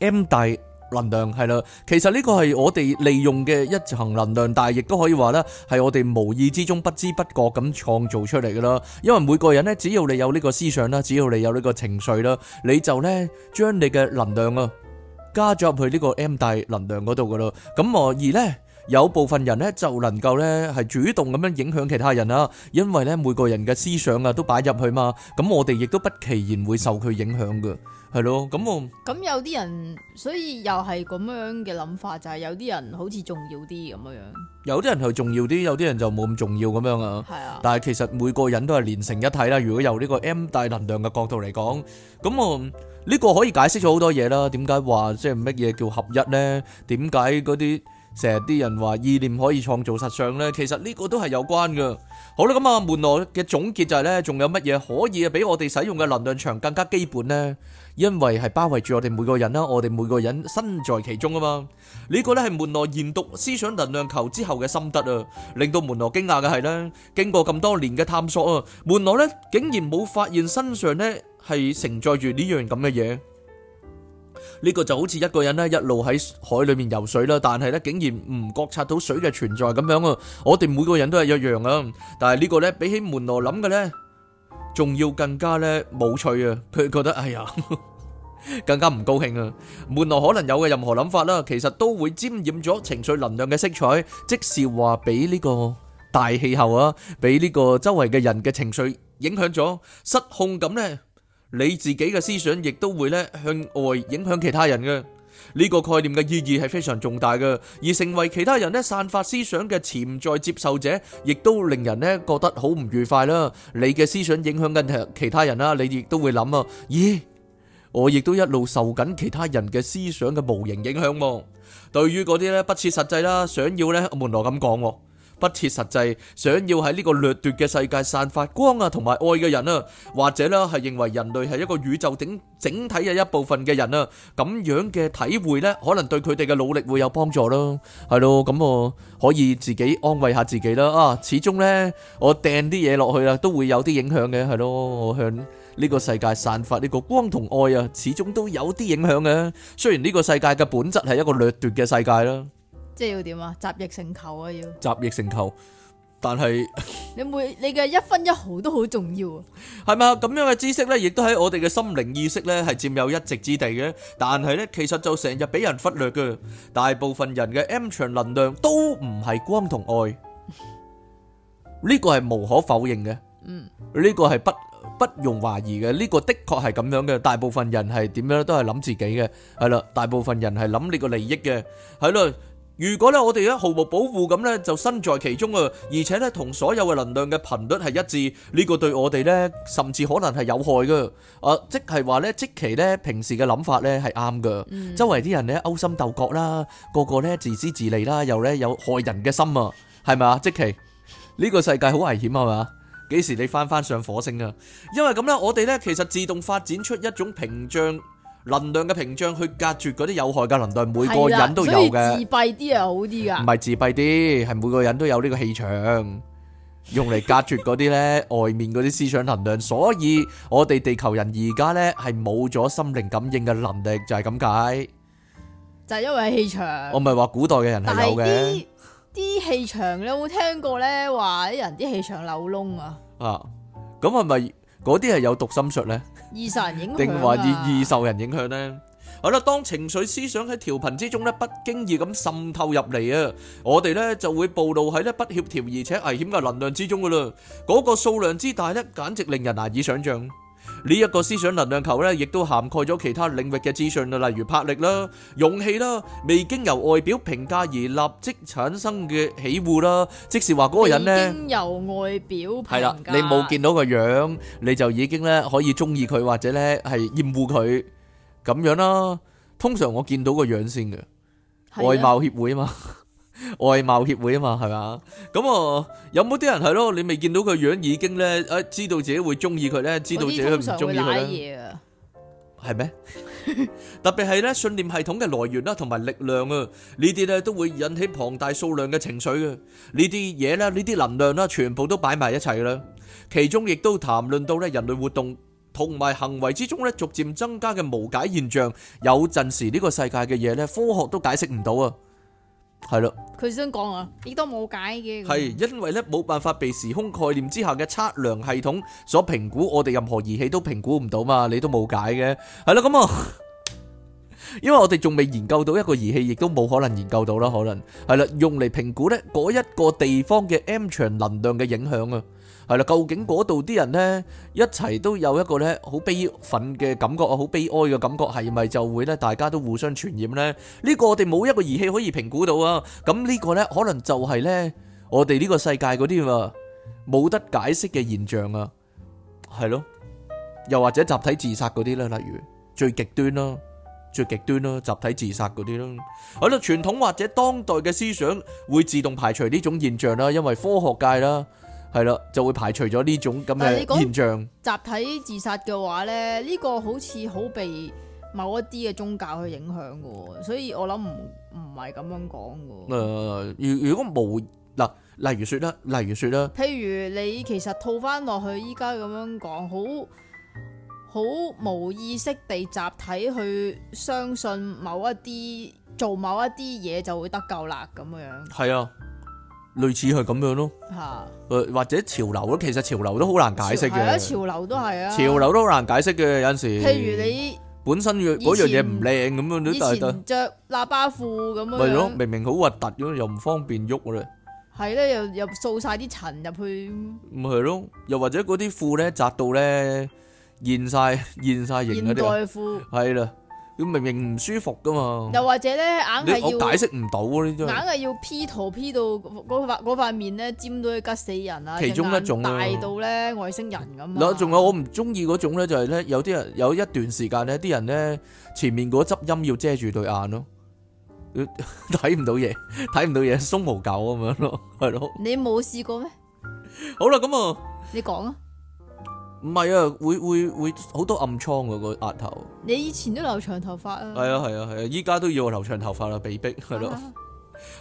M 帶能量係啦，其實呢個係我哋利用嘅一層能量，但係亦都可以話呢係我哋無意之中不知不覺咁創造出嚟噶啦。因為每個人呢，只要你有呢個思想啦，只要你有呢個情緒啦，你就呢將你嘅能量啊加咗入去呢個 M 帶能量嗰度噶啦。咁、嗯、我而呢。有部分人咧，就能夠咧係主動咁樣影響其他人啦。因為咧，每個人嘅思想啊都擺入去嘛，咁我哋亦都不期然會受佢影響嘅，係咯。咁我咁有啲人，所以又係咁樣嘅諗法，就係有啲人好似重要啲咁樣。有啲人係重要啲，有啲人就冇咁重要咁樣啊。係啊，但係其實每個人都係連成一體啦。如果由呢個 M 帶能量嘅角度嚟講，咁我呢個可以解釋咗好多嘢啦。點解話即係乜嘢叫合一咧？點解嗰啲？成日啲人話意念可以創造實相咧，其實呢個都係有關噶。好啦，咁啊門羅嘅總結就係咧，仲有乜嘢可以比我哋使用嘅能量場更加基本咧？因為係包圍住我哋每個人啦，我哋每個人身在其中啊嘛。呢個咧係門羅研讀思想能量球之後嘅心得啊，令到門羅驚訝嘅係咧，經過咁多年嘅探索啊，門羅咧竟然冇發現身上咧係承載住呢樣咁嘅嘢。呢個就好似一個人咧，一路喺海裏面游水啦，但係咧竟然唔覺察到水嘅存在咁樣啊！我哋每個人都係一樣啊，但係呢個咧比起門羅諗嘅咧，仲要更加咧冇趣啊！佢覺得哎呀，更加唔高興啊！門羅可能有嘅任何諗法啦，其實都會沾染咗情緒能量嘅色彩，即是話俾呢個大氣候啊，俾呢個周圍嘅人嘅情緒影響咗失控感咧。你自己嘅思想亦都會咧向外影響其他人嘅呢個概念嘅意義係非常重大嘅，而成為其他人咧散發思想嘅潛在接受者，亦都令人咧覺得好唔愉快啦。你嘅思想影響緊其他人啦，你亦都會諗啊，咦，我亦都一路受緊其他人嘅思想嘅無形影響。對於嗰啲咧不切實際啦，想要咧門羅咁講。不切實際，想要喺呢個掠奪嘅世界散發光啊同埋愛嘅人啊，或者咧係認為人類係一個宇宙整整體嘅一部分嘅人啊，咁樣嘅體會呢，可能對佢哋嘅努力會有幫助咯，係咯，咁我可以自己安慰下自己啦。啊，始終呢我掟啲嘢落去啊，都會有啲影響嘅，係咯，我向呢個世界散發呢個光同愛啊，始終都有啲影響嘅。雖然呢個世界嘅本質係一個掠奪嘅世界啦。即係要點啊？集腋成裘啊！要集腋成裘，但係你每你嘅一分一毫都好重要啊！係嘛？咁樣嘅知識咧，亦都喺我哋嘅心靈意識咧，係佔有一席之地嘅。但係咧，其實就成日俾人忽略嘅。大部分人嘅 M 帶能量都唔係光同愛，呢個係無可否認嘅。嗯，呢個係不不容懷疑嘅。呢個的確係咁樣嘅。大部分人係點樣都係諗自己嘅，係啦。大部分人係諗你個利益嘅，係咯。如果咧我哋咧毫無保護咁咧，就身在其中啊，而且咧同所有嘅能量嘅頻率係一致，呢個對我哋咧甚至可能係有害㗎。啊、呃，即係話咧，即期咧平時嘅諗法咧係啱㗎，嗯、周圍啲人咧勾心鬥角啦，個個咧自私自利啦，又咧有害人嘅心啊，係咪啊？即期，呢個世界好危險啊嘛，幾時你返返上火星啊？因為咁咧，我哋咧其實自動發展出一種屏障。能量嘅屏障去隔絕嗰啲有害嘅能量，每個人都有嘅。所以自閉啲又好啲噶。唔係自閉啲，係每個人都有呢個氣場，用嚟隔絕嗰啲咧外面嗰啲思想能量。所以我哋地球人而家咧係冇咗心靈感應嘅能力，就係咁解。就係因為氣場。我唔係話古代嘅人係有嘅。啲氣場咧，你有冇聽過咧？話啲人啲氣場扭窿啊？啊，咁係咪嗰啲係有讀心術咧？受影響定話易易受人影響呢？好啦，當情緒思想喺調頻之中咧，不經意咁滲透入嚟啊，我哋咧就會暴露喺咧不協調而且危險嘅能量之中㗎喇，嗰個數量之大咧，簡直令人難以想像。呢一個思想能量球咧，亦都涵蓋咗其他領域嘅資訊啦，例如魄力啦、勇氣啦、未經由外表評價而立即產生嘅喜惡啦，即是話嗰個人咧，經由外表係啦，你冇見到個樣，你就已經咧可以中意佢或者咧係厭惡佢咁樣啦。通常我見到個樣先嘅，外貌協會啊嘛。外貌協會啊嘛，係嘛？咁啊，有冇啲人係咯？你未見到佢樣，已經咧誒，知道自己會中意佢咧，知道自己唔中意佢咧，係咩？特別係咧，信念系統嘅來源啦，同埋力量啊，呢啲咧都會引起龐大數量嘅情緒啊，呢啲嘢咧，呢啲能量啦，全部都擺埋一齊啦。其中亦都談論到咧，人類活動同埋行為之中咧，逐漸增加嘅無解現象。有陣時呢個世界嘅嘢咧，科學都解釋唔到啊。係啦，佢想講啊，亦都冇解嘅。係因為呢，冇辦法被時空概念之下嘅測量系統所評估，我哋任何儀器都評估唔到嘛，你都冇解嘅。係啦，咁啊，因為我哋仲未研究到一個儀器，亦都冇可能研究到啦。可能係啦，用嚟評估呢嗰一個地方嘅 M 帶能量嘅影響啊。係啦，究竟嗰度啲人呢，一齊都有一個呢好悲憤嘅感覺，好悲哀嘅感覺，係咪就會咧大家都互相傳染呢？呢個我哋冇一個儀器可以評估到啊。咁呢個呢，可能就係呢我哋呢個世界嗰啲嘛冇得解釋嘅現象啊，係咯。又或者集體自殺嗰啲啦，例如最極端咯，最極端咯，集體自殺嗰啲咯。係咯，傳統或者當代嘅思想會自動排除呢種現象啦，因為科學界啦。係咯，就會排除咗呢種咁嘅現象。集體自殺嘅話咧，呢、呢個好似好被某一啲嘅宗教去影響嘅，所以我諗唔唔係咁樣講嘅。誒、呃，如如果冇，嗱，例如說啦，例如說啦，譬如你其實套翻落去依家咁樣講，好好無意識地集體去相信某一啲做某一啲嘢，就會得救啦，咁樣樣。係啊。類似係咁樣咯，誒或者潮流咯，其實潮流都好難解釋嘅。潮流都係啊，潮流都好難解釋嘅有陣時。譬如你本身嗰樣嘢唔靚咁樣都係。以前著喇叭褲咁樣。咪咯，明明好核突咁，又唔方便喐咧。係咧，又又掃曬啲塵入去。咪係咯，又或者嗰啲褲咧窄到咧現曬現曬型嗰啲。現代褲。係啦。佢明明唔舒服噶嘛，又或者咧硬係要解釋唔到呢，硬係要 P 圖 P 到嗰塊塊面咧，尖到要吉死人啊！其中一種大到咧外星人咁。嗱，仲有我唔中意嗰種咧，就係咧有啲人有一段時間咧，啲人咧前面嗰執音要遮住對眼咯，睇 唔到嘢，睇唔到嘢，鬆毛狗咁樣咯，係 咯。你冇試過咩？好啦，咁啊，你講啊。唔係啊，會會會好多暗瘡啊個額頭。你以前都留長頭髮啊？係啊係啊係啊，依家都要留長頭髮啦，被逼係咯。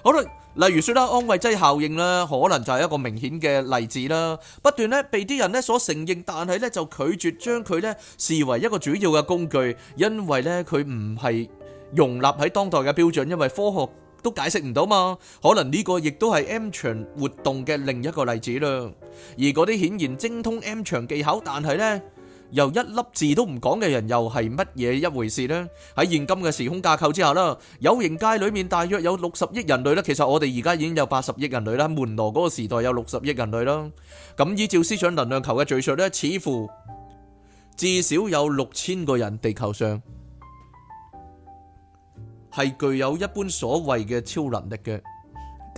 好啦，例如說啦，安慰劑效應啦，可能就係一個明顯嘅例子啦。不斷呢被啲人呢所承認，但係呢就拒絕將佢呢視為一個主要嘅工具，因為呢佢唔係容納喺當代嘅標準，因為科學。都解釋唔到嘛？可能呢個亦都係 M 場活動嘅另一個例子啦。而嗰啲顯然精通 M 場技巧，但係咧又一粒字都唔講嘅人，又係乜嘢一回事咧？喺現今嘅時空架構之下啦，有形界裏面大約有六十億人類啦。其實我哋而家已經有八十億人類啦。門羅嗰個時代有六十億人類啦。咁依照思想能量球嘅敘述咧，似乎至少有六千個人地球上。係具有一般所謂嘅超能力嘅，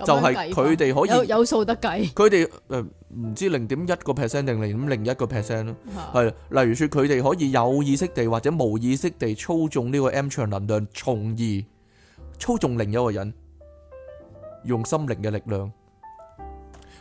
就係佢哋可以有數得計。佢哋誒，唔知零點一個 percent 定零點零一個 percent 咯。係例如說，佢哋可以有意識地或者無意識地操縱呢個 M 帶能量，從而操縱另一個人用心靈嘅力量。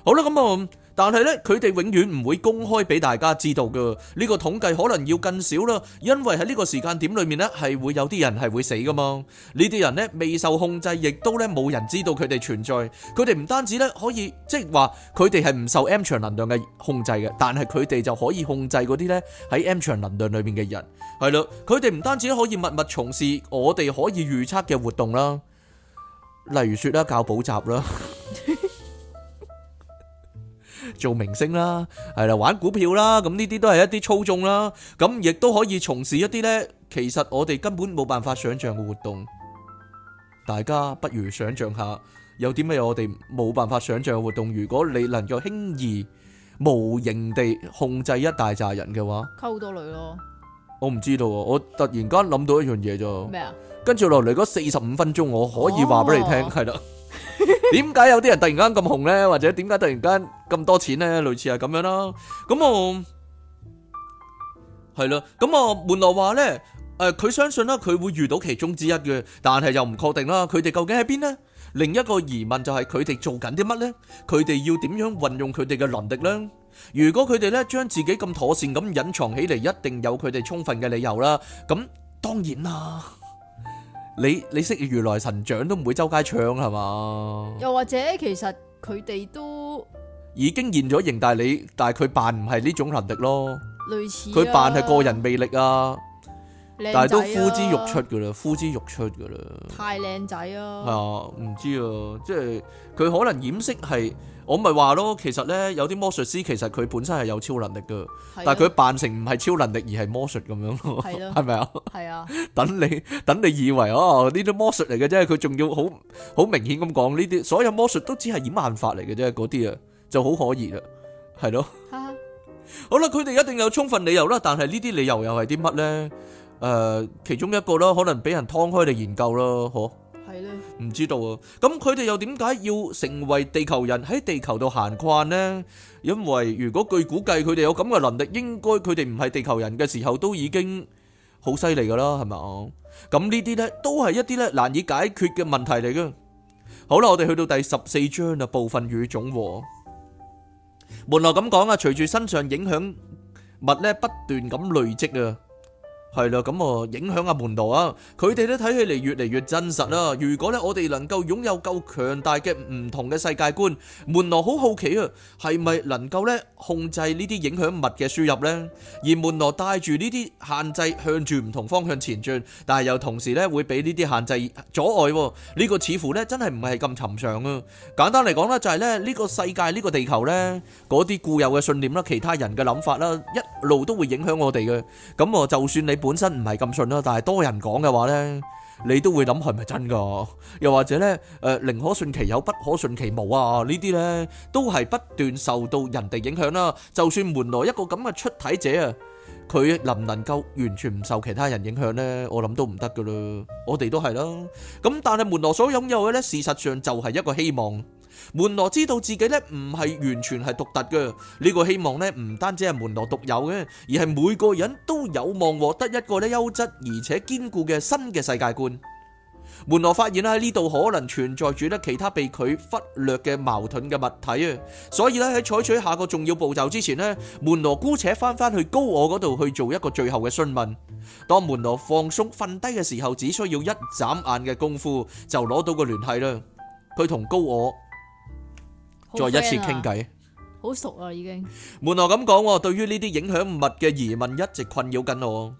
好啦，咁啊。但係咧，佢哋永遠唔會公開俾大家知道噶。呢個統計可能要更少啦，因為喺呢個時間點裏面咧，係會有啲人係會死噶嘛。呢啲人咧未受控制，亦都咧冇人知道佢哋存在。佢哋唔單止咧可以，即係話佢哋係唔受 M 場能量嘅控制嘅，但係佢哋就可以控制嗰啲咧喺 M 場能量裏面嘅人。係咯，佢哋唔單止可以默默從事我哋可以預測嘅活動啦，例如說啦，教補習啦。做明星啦，係啦，玩股票啦，咁呢啲都係一啲操縱啦，咁亦都可以從事一啲呢，其實我哋根本冇辦法想象嘅活動。大家不如想象下，有啲咩我哋冇辦法想象嘅活動？如果你能夠輕易無形地控制一大扎人嘅話，溝多女咯。我唔知道啊，我突然間諗到一樣嘢啫。咩啊？跟住落嚟嗰四十五分鐘，我可以話俾你聽，係啦。點解 有啲人突然間咁紅呢？或者點解突然間咁多錢呢？類似係咁樣咯。咁啊，係咯。咁啊，門羅話呢，誒，佢相信啦，佢會遇到其中之一嘅，但係又唔確定啦。佢哋究竟喺邊呢？另一個疑問就係佢哋做緊啲乜呢？佢哋要點樣運用佢哋嘅能力呢？如果佢哋呢，將自己咁妥善咁隱藏起嚟，一定有佢哋充分嘅理由啦。咁當然啦。你你識如來神掌都唔會周街唱係嘛？又或者其實佢哋都已經現咗形，但係你但係佢扮唔係呢種能力咯。類似佢、啊、扮係個人魅力啊，但係都呼之欲出噶啦，呼之欲出噶啦。太靚仔啊！係啊，唔知啊，即係佢可能掩飾係。我咪話咯，其實咧有啲魔術師其實佢本身係有超能力噶，但係佢扮成唔係超能力而係魔術咁樣咯，係咪啊？係啊，等你等你以為哦呢啲魔術嚟嘅啫，佢仲要好好明顯咁講呢啲，所有魔術都只係掩眼法嚟嘅啫，嗰啲啊就好可疑啦，係咯。好啦，佢哋一定有充分理由啦，但係呢啲理由又係啲乜咧？誒，其中一個咯，可能俾人劏開嚟研究咯，嗬。係咧，唔知道啊！咁佢哋又點解要成為地球人喺地球度閒逛咧？因為如果據估計佢哋有咁嘅能力，應該佢哋唔係地球人嘅時候都已經好犀利噶啦，係咪啊？咁呢啲咧都係一啲咧難以解決嘅問題嚟嘅。好啦，我哋去到第十四章啦，部分與總和。門羅咁講啊，隨住身上影響物咧不斷咁累積啊！係啦，咁啊影響阿門羅啊，佢哋都睇起嚟越嚟越真實啦。如果咧我哋能夠擁有夠強大嘅唔同嘅世界觀，門羅好好奇啊，係咪能夠咧控制呢啲影響物嘅輸入咧？而門羅帶住呢啲限制向住唔同方向前進，但係又同時咧會俾呢啲限制阻礙。呢個似乎咧真係唔係咁尋常啊。簡單嚟講啦，就係咧呢個世界呢個地球咧嗰啲固有嘅信念啦，其他人嘅諗法啦，一路都會影響我哋嘅。咁我就算你。本身唔係咁信咯，但係多人講嘅話呢，你都會諗係咪真噶？又或者呢，誒，寧可信其有，不可信其無啊！呢啲呢都係不斷受到人哋影響啦。就算門羅一個咁嘅出體者啊，佢能唔能夠完全唔受其他人影響呢？我諗都唔得噶啦，我哋都係啦。咁但係門羅所擁有嘅呢，事實上就係一個希望。門羅知道自己咧唔係完全係獨特嘅呢，呢個希望呢唔單止係門羅獨有嘅，而係每個人都有望獲得一個呢優質而且堅固嘅新嘅世界觀。門羅發現呢，喺呢度可能存在住呢其他被佢忽略嘅矛盾嘅物體啊，所以咧喺採取下個重要步驟之前呢，門羅姑且返返去高我嗰度去做一個最後嘅詢問。當門羅放鬆瞓低嘅時候，只需要一眨眼嘅功夫就攞到個聯繫啦。佢同高我，再一次傾偈，好熟啊，已經。門羅咁講，對於呢啲影響物嘅疑問一直困擾緊我。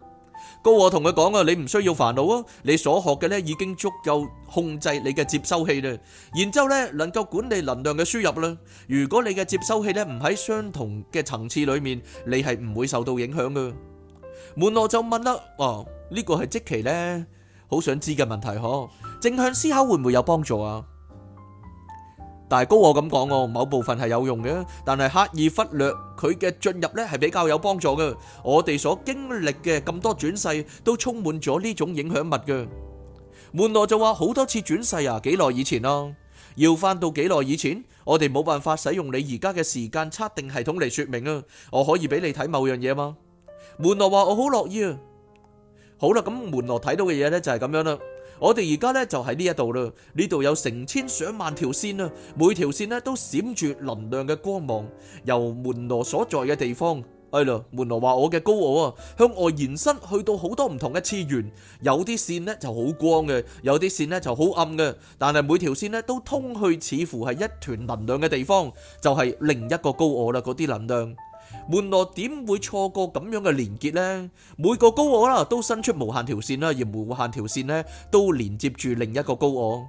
高我同佢講啊，你唔需要煩惱啊，你所學嘅呢已經足夠控制你嘅接收器啦。然之後呢，能夠管理能量嘅輸入啦。如果你嘅接收器呢唔喺相同嘅層次裏面，你係唔會受到影響嘅。門羅就問啦，哦，呢個係即期呢，好想知嘅問題嗬，正向思考會唔會有幫助啊？但係高我咁講哦，某部分係有用嘅，但係刻意忽略佢嘅進入呢係比較有幫助嘅。我哋所經歷嘅咁多轉世都充滿咗呢種影響物嘅。門羅就話好多次轉世啊，幾耐以前啦，要翻到幾耐以前，我哋冇辦法使用你而家嘅時間測定系統嚟說明啊。我可以俾你睇某樣嘢嘛？門羅話我好樂意啊。好啦，咁門羅睇到嘅嘢呢就係咁樣啦。我哋而家咧就喺呢一度啦，呢度有成千上萬條綫啦，每條綫咧都閃住能量嘅光芒。由門羅所在嘅地方，係啦，門羅話我嘅高我啊，向外延伸去到好多唔同嘅次元。有啲綫咧就好光嘅，有啲綫咧就好暗嘅，但係每條綫咧都通去，似乎係一團能量嘅地方，就係、是、另一個高我啦，嗰啲能量。門羅點會錯過咁樣嘅連結呢？每個高我啦都伸出無限條線啦，而無限條線呢都連接住另一個高我。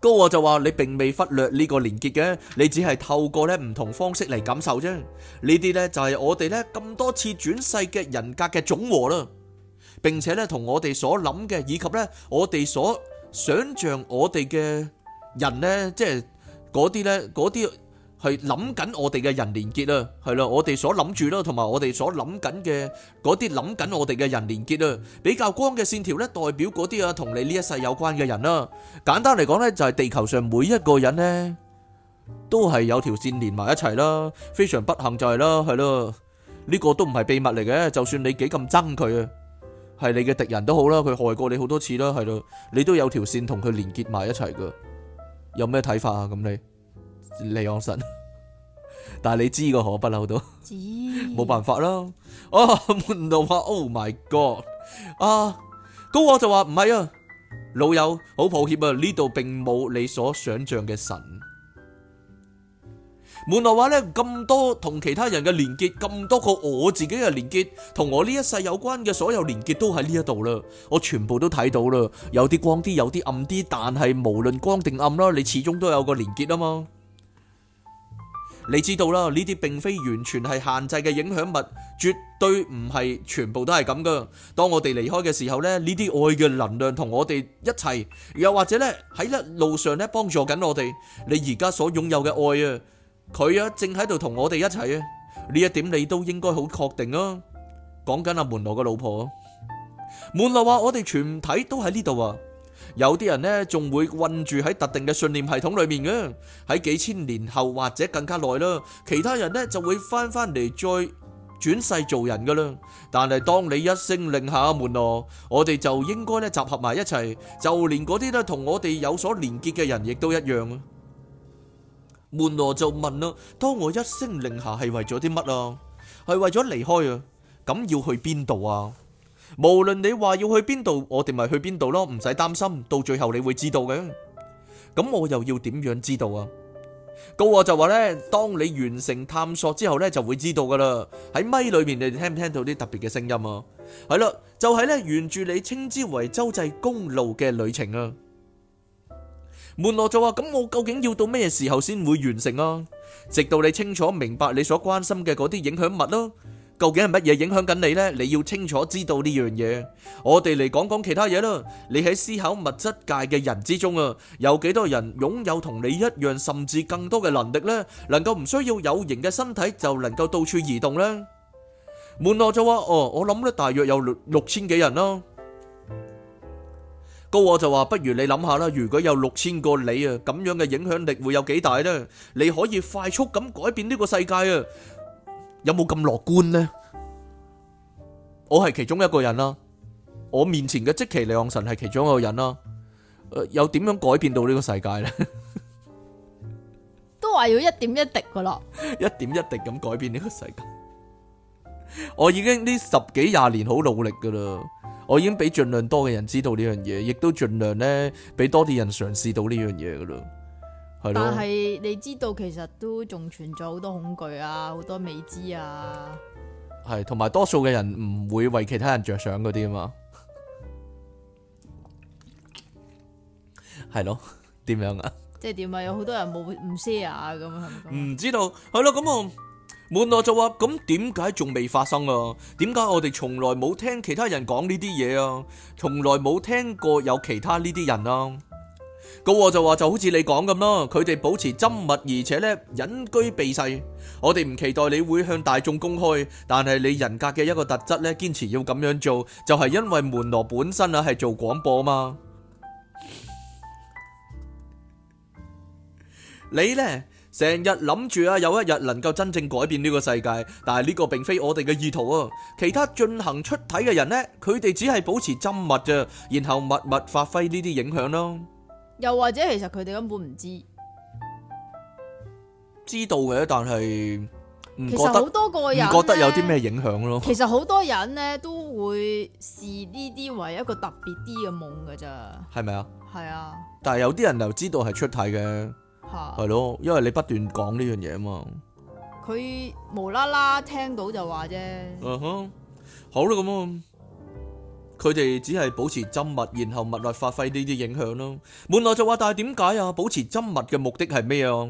高我就話你並未忽略呢個連結嘅，你只係透過咧唔同方式嚟感受啫。呢啲呢就係我哋呢咁多次轉世嘅人格嘅總和啦，並且呢，同我哋所諗嘅以及呢我哋所想象我哋嘅人呢，即係嗰啲呢。嗰啲。係諗緊我哋嘅人連結啊，係咯，我哋所諗住啦，同埋我哋所諗緊嘅嗰啲諗緊我哋嘅人連結啊，比較光嘅線條呢，代表嗰啲啊，同你呢一世有關嘅人啦。簡單嚟講呢，就係地球上每一個人呢，都係有條線連埋一齊啦。非常不幸就係啦，係咯，呢個都唔係秘密嚟嘅，就算你幾咁憎佢啊，係你嘅敵人都好啦，佢害過你好多次啦，係咯，你都有條線同佢連結埋一齊噶。有咩睇法啊？咁你？你講神，但係你知個可不嬲都知，冇辦法啦。哦，門內話：Oh my god！啊，高我就話唔係啊，老友，好抱歉啊，呢度並冇你所想象嘅神。門內話咧，咁多同其他人嘅連結，咁多個我自己嘅連結，同我呢一世有關嘅所有連結都喺呢一度啦，我全部都睇到啦，有啲光啲，有啲暗啲，但係無論光定暗啦，你始終都有個連結啊嘛。你知道啦，呢啲並非完全係限制嘅影響物，絕對唔係全部都係咁噶。當我哋離開嘅時候咧，呢啲愛嘅能量同我哋一齊，又或者呢，喺一路上咧幫助緊我哋。你而家所擁有嘅愛啊，佢啊正喺度同我哋一齊啊，呢一點你都應該好確定啊。講緊阿門羅嘅老婆，門羅話我哋全體都喺呢度啊。有啲人咧，仲會困住喺特定嘅信念系統裏面嘅，喺幾千年後或者更加耐啦。其他人咧就會翻翻嚟，再轉世做人噶啦。但係當你一聲令下，門羅，我哋就應該咧集合埋一齊，就連嗰啲咧同我哋有所連結嘅人，亦都一樣。門羅就問啦：當我一聲令下，係為咗啲乜啊？係為咗離開啊？咁要去邊度啊？無論你話要去邊度，我哋咪去邊度咯，唔使擔心。到最後你會知道嘅。咁我又要點樣知道啊？高我就話呢：「當你完成探索之後呢，就會知道噶啦。喺咪裏面，你哋聽唔聽到啲特別嘅聲音啊？係啦，就係呢，沿住你稱之為州際公路嘅旅程啊。門羅就話：咁我究竟要到咩時候先會完成啊？直到你清楚明白你所關心嘅嗰啲影響物咯。究竟係乜嘢影響緊你呢？你要清楚知道呢樣嘢。我哋嚟講講其他嘢啦。你喺思考物質界嘅人之中啊，有幾多人擁有同你一樣甚至更多嘅能力呢？能夠唔需要有形嘅身體就能夠到處移動呢？門諾就話：哦，我諗呢大約有六六千幾人囉。高我就話：不如你諗下啦，如果有六千個你啊，咁樣嘅影響力會有幾大呢？你可以快速咁改變呢個世界啊！有冇咁樂觀呢？我係其中一個人啦，我面前嘅即其兩神係其中一個人啦。又、呃、點樣改變到呢個世界呢？ 都話要一點一滴噶啦， 一點一滴咁改變呢個世界。 我已經呢十幾廿年好努力噶啦，我已經俾盡量多嘅人知道呢樣嘢，亦都盡量呢俾多啲人嘗試到呢樣嘢噶啦。對但係你知道，其實都仲存在好多恐懼啊，好多未知啊。係，同埋多數嘅人唔會為其他人着想嗰啲啊嘛。係 咯，點樣啊？即係點啊？ 有好多人冇唔 share 咁啊？唔知道，係咯？咁啊，門羅就話：咁點解仲未發生啊？點解我哋從來冇聽其他人講呢啲嘢啊？從來冇聽過有其他呢啲人啊？個就話就好似你講咁咯，佢哋保持針密，而且咧隱居避世。我哋唔期待你會向大眾公開，但係你人格嘅一個特質咧，堅持要咁樣做，就係因為門羅本身啊係做廣播啊嘛。你咧成日諗住啊，有一日能夠真正改變呢個世界，但係呢個並非我哋嘅意圖啊。其他進行出體嘅人咧，佢哋只係保持針密啫，然後默默發揮呢啲影響咯。又或者其實佢哋根本唔知，知道嘅，但係其實好多個人覺得有啲咩影響咯。其實好多人咧都會視呢啲為一個特別啲嘅夢噶咋，係咪啊？係啊。但係有啲人就知道係出體嘅，係咯，因為你不斷講呢樣嘢啊嘛。佢無啦啦聽到就話啫，uh huh，嗯哼，好啦，咁佢哋只係保持針密，然後密內發揮呢啲影響咯。門內就話：，但係點解啊？保持針密嘅目的係咩啊？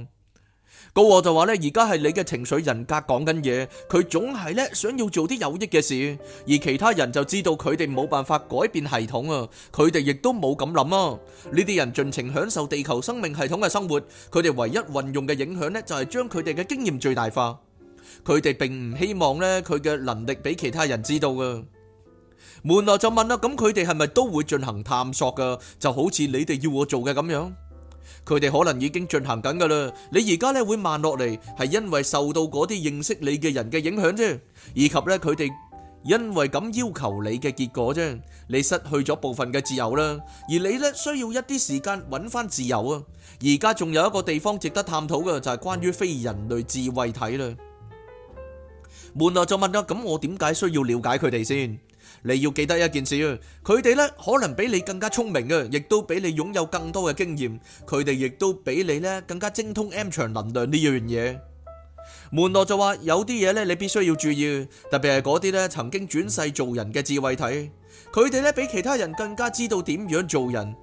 高我就話咧：，而家係你嘅情緒、人格講緊嘢，佢總係咧想要做啲有益嘅事，而其他人就知道佢哋冇辦法改變系統啊。佢哋亦都冇咁諗啊。呢啲人盡情享受地球生命系統嘅生活，佢哋唯一運用嘅影響咧就係將佢哋嘅經驗最大化。佢哋並唔希望咧佢嘅能力俾其他人知道噶。門羅就問啦：咁佢哋係咪都會進行探索噶？就好似你哋要我做嘅咁樣，佢哋可能已經進行緊噶啦。你而家咧會慢落嚟，係因為受到嗰啲認識你嘅人嘅影響啫，以及咧佢哋因為咁要求你嘅結果啫。你失去咗部分嘅自由啦，而你咧需要一啲時間搵翻自由啊。而家仲有一個地方值得探討嘅就係關於非人類智慧體啦。門羅就問啦：咁我點解需要了解佢哋先？你要記得一件事啊，佢哋咧可能比你更加聰明嘅，亦都比你擁有更多嘅經驗，佢哋亦都比你咧更加精通 M 場能量呢樣嘢。門羅就話有啲嘢咧，你必須要注意，特別係嗰啲咧曾經轉世做人嘅智慧體，佢哋咧比其他人更加知道點樣做人。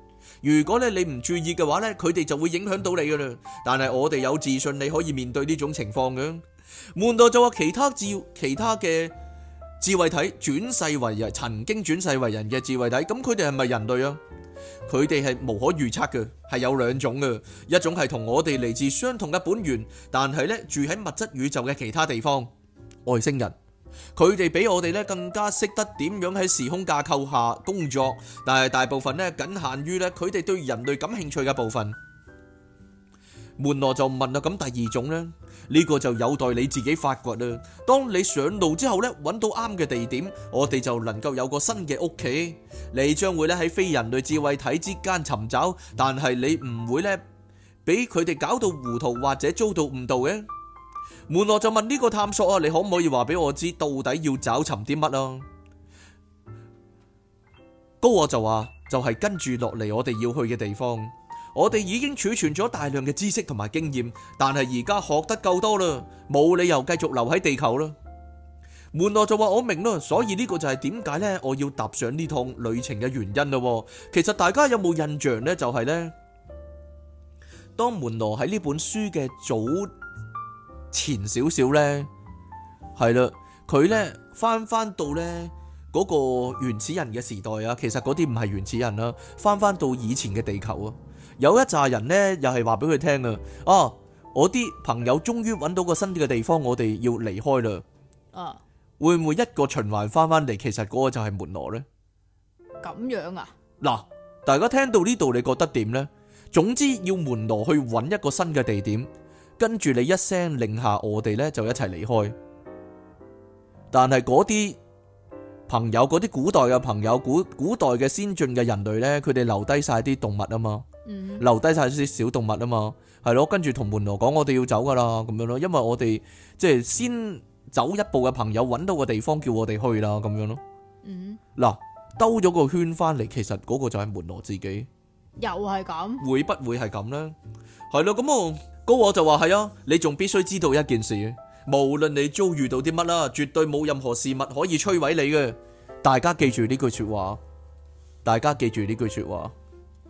如果咧你唔注意嘅話咧，佢哋就會影響到你㗎喇。但係我哋有自信你可以面對呢種情況嘅。門羅就話其他照其他嘅。智慧體轉世為人，曾經轉世為人嘅智慧體，咁佢哋係咪人類啊？佢哋係無可預測嘅，係有兩種嘅，一種係同我哋嚟自相同嘅本源，但係咧住喺物質宇宙嘅其他地方，外星人，佢哋比我哋咧更加識得點樣喺時空架構下工作，但係大部分咧僅限於咧佢哋對人類感興趣嘅部分。門羅就問啊，咁第二種咧，呢個就有待你自己發掘啦。當你上路之後咧，搵到啱嘅地點，我哋就能夠有個新嘅屋企。你將會咧喺非人類智慧體之間尋找，但係你唔會咧俾佢哋搞到糊塗或者遭到誤導嘅。門羅就問，呢個探索啊，你可唔可以話俾我知到底要找尋啲乜啊？高我就話，就係跟住落嚟，我哋要去嘅地方。我哋已經儲存咗大量嘅知識同埋經驗，但係而家學得夠多啦，冇理由繼續留喺地球啦。門羅就話：我明咯，所以呢個就係點解呢，我要踏上呢趟旅程嘅原因咯。其實大家有冇印象呢？就係、是、呢，當門羅喺呢本書嘅早前少少呢，係啦，佢呢翻翻到呢嗰個原始人嘅時代啊，其實嗰啲唔係原始人啦，翻翻到以前嘅地球啊。有一紮人呢，又係話俾佢聽啊！我啲朋友終於揾到個新啲嘅地方，我哋要離開啦。啊，會唔會一個循環返返嚟？其實嗰個就係門羅呢。咁樣啊？嗱，大家聽到呢度你覺得點呢？總之要門羅去揾一個新嘅地點，跟住你一聲令下，我哋呢就一齊離開。但係嗰啲朋友，嗰啲古代嘅朋友，古古代嘅先進嘅人類呢，佢哋留低晒啲動物啊嘛。留低晒啲小動物啊嘛，係咯，跟住同門羅講，我哋要走噶啦，咁樣咯，因為我哋即係先走一步嘅朋友揾到個地方叫我哋去啦，咁樣咯。嗯，嗱，兜咗個圈翻嚟，其實嗰個就係門羅自己，又係咁，會不會係咁呢？係咯，咁啊、哦，嗰，我就話係啊，你仲必須知道一件事，無論你遭遇到啲乜啦，絕對冇任何事物可以摧毀你嘅，大家記住呢句說話，大家記住呢句說話。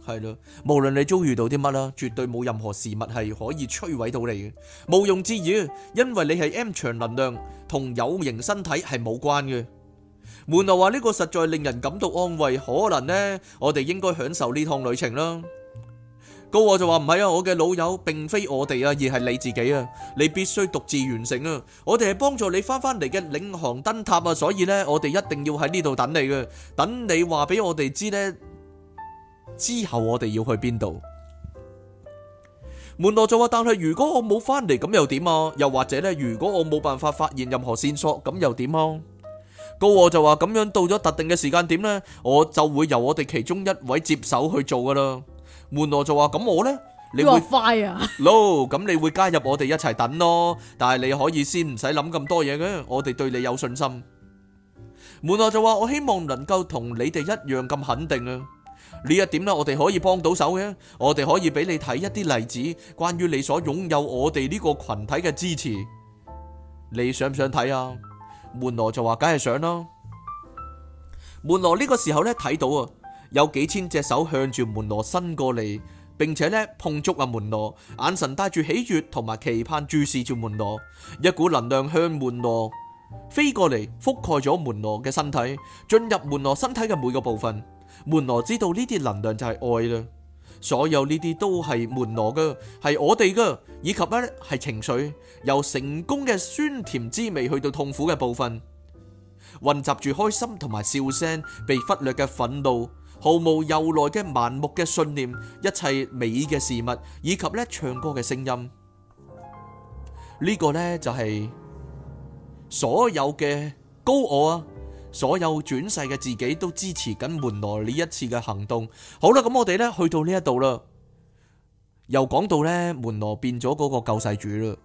係咯，無論你遭遇到啲乜啦，絕對冇任何事物係可以摧毀到你嘅，毋庸置疑，因為你係 M 帶能量同有形身體係冇關嘅。門羅話呢個實在令人感到安慰，可能呢我哋應該享受呢趟旅程啦。高我就話唔係啊，我嘅老友並非我哋啊，而係你自己啊，你必須獨自完成啊，我哋係幫助你返返嚟嘅領航燈塔啊，所以呢我哋一定要喺呢度等你嘅，等你話俾我哋知呢。之後我哋要去邊度？門羅就話：，但係如果我冇返嚟，咁又點啊？又或者呢，如果我冇辦法發現任何線索，咁又點啊？高我就話：，咁樣到咗特定嘅時間點呢，我就會由我哋其中一位接手去做噶啦。門羅就話：，咁我呢，你會快啊？no，咁你會加入我哋一齊等咯。但係你可以先唔使諗咁多嘢嘅，我哋對你有信心。門羅就話：，我希望能夠同你哋一樣咁肯定啊。呢一點咧，我哋可以幫到手嘅，我哋可以俾你睇一啲例子，關於你所擁有我哋呢個群體嘅支持，你想唔想睇啊？門羅就話：梗係想啦。門羅呢個時候咧，睇到啊，有幾千隻手向住門羅伸過嚟，並且咧碰觸啊門羅，眼神帶住喜悦同埋期盼注視住門羅，一股能量向門羅飛過嚟，覆蓋咗門羅嘅身體，進入門羅身體嘅每個部分。門羅知道呢啲能量就係愛啦，所有呢啲都係門羅嘅，係我哋嘅，以及咧係情緒，由成功嘅酸甜滋味去到痛苦嘅部分，混雜住開心同埋笑聲，被忽略嘅憤怒，毫無由來嘅盲目嘅信念，一切美嘅事物，以及咧唱歌嘅聲音，呢、這個呢就係、是、所有嘅高我。啊！所有轉世嘅自己都支持緊門羅呢一次嘅行動。好啦，咁我哋咧去到呢一度啦，又講到咧門羅變咗嗰個救世主啦，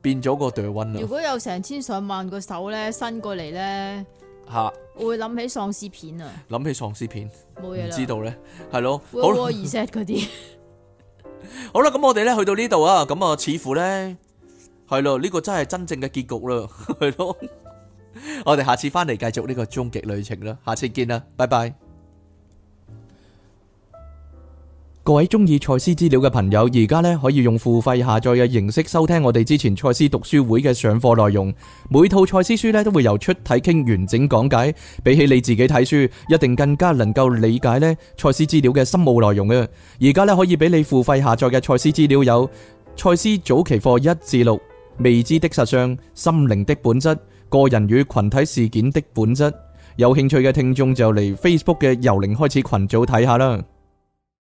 變咗個奪溫啦。如果有成千上萬個手咧伸過嚟咧，吓、啊、我會諗起喪屍片啊！諗起喪屍片，冇嘢啦。知道咧，係咯，好二 set 啲。 好啦，咁我哋咧去到呢度啊，咁啊，似乎咧係咯，呢、這個真係真正嘅結局啦，係咯。我哋下次翻嚟繼續呢個終極旅程啦。下次見啦，拜拜。各位中意賽斯資料嘅朋友，而家咧可以用付費下載嘅形式收聽我哋之前賽斯讀書會嘅上課內容。每套賽斯書咧都會由出體傾完整講解，比起你自己睇書，一定更加能夠理解咧賽斯資料嘅深奧內容嘅。而家咧可以俾你付費下載嘅賽斯資料有賽斯早期課一至六，未知的實相，心靈的本質。個人與群體事件的本質，有興趣嘅聽眾就嚟 Facebook 嘅由零開始群組睇下啦。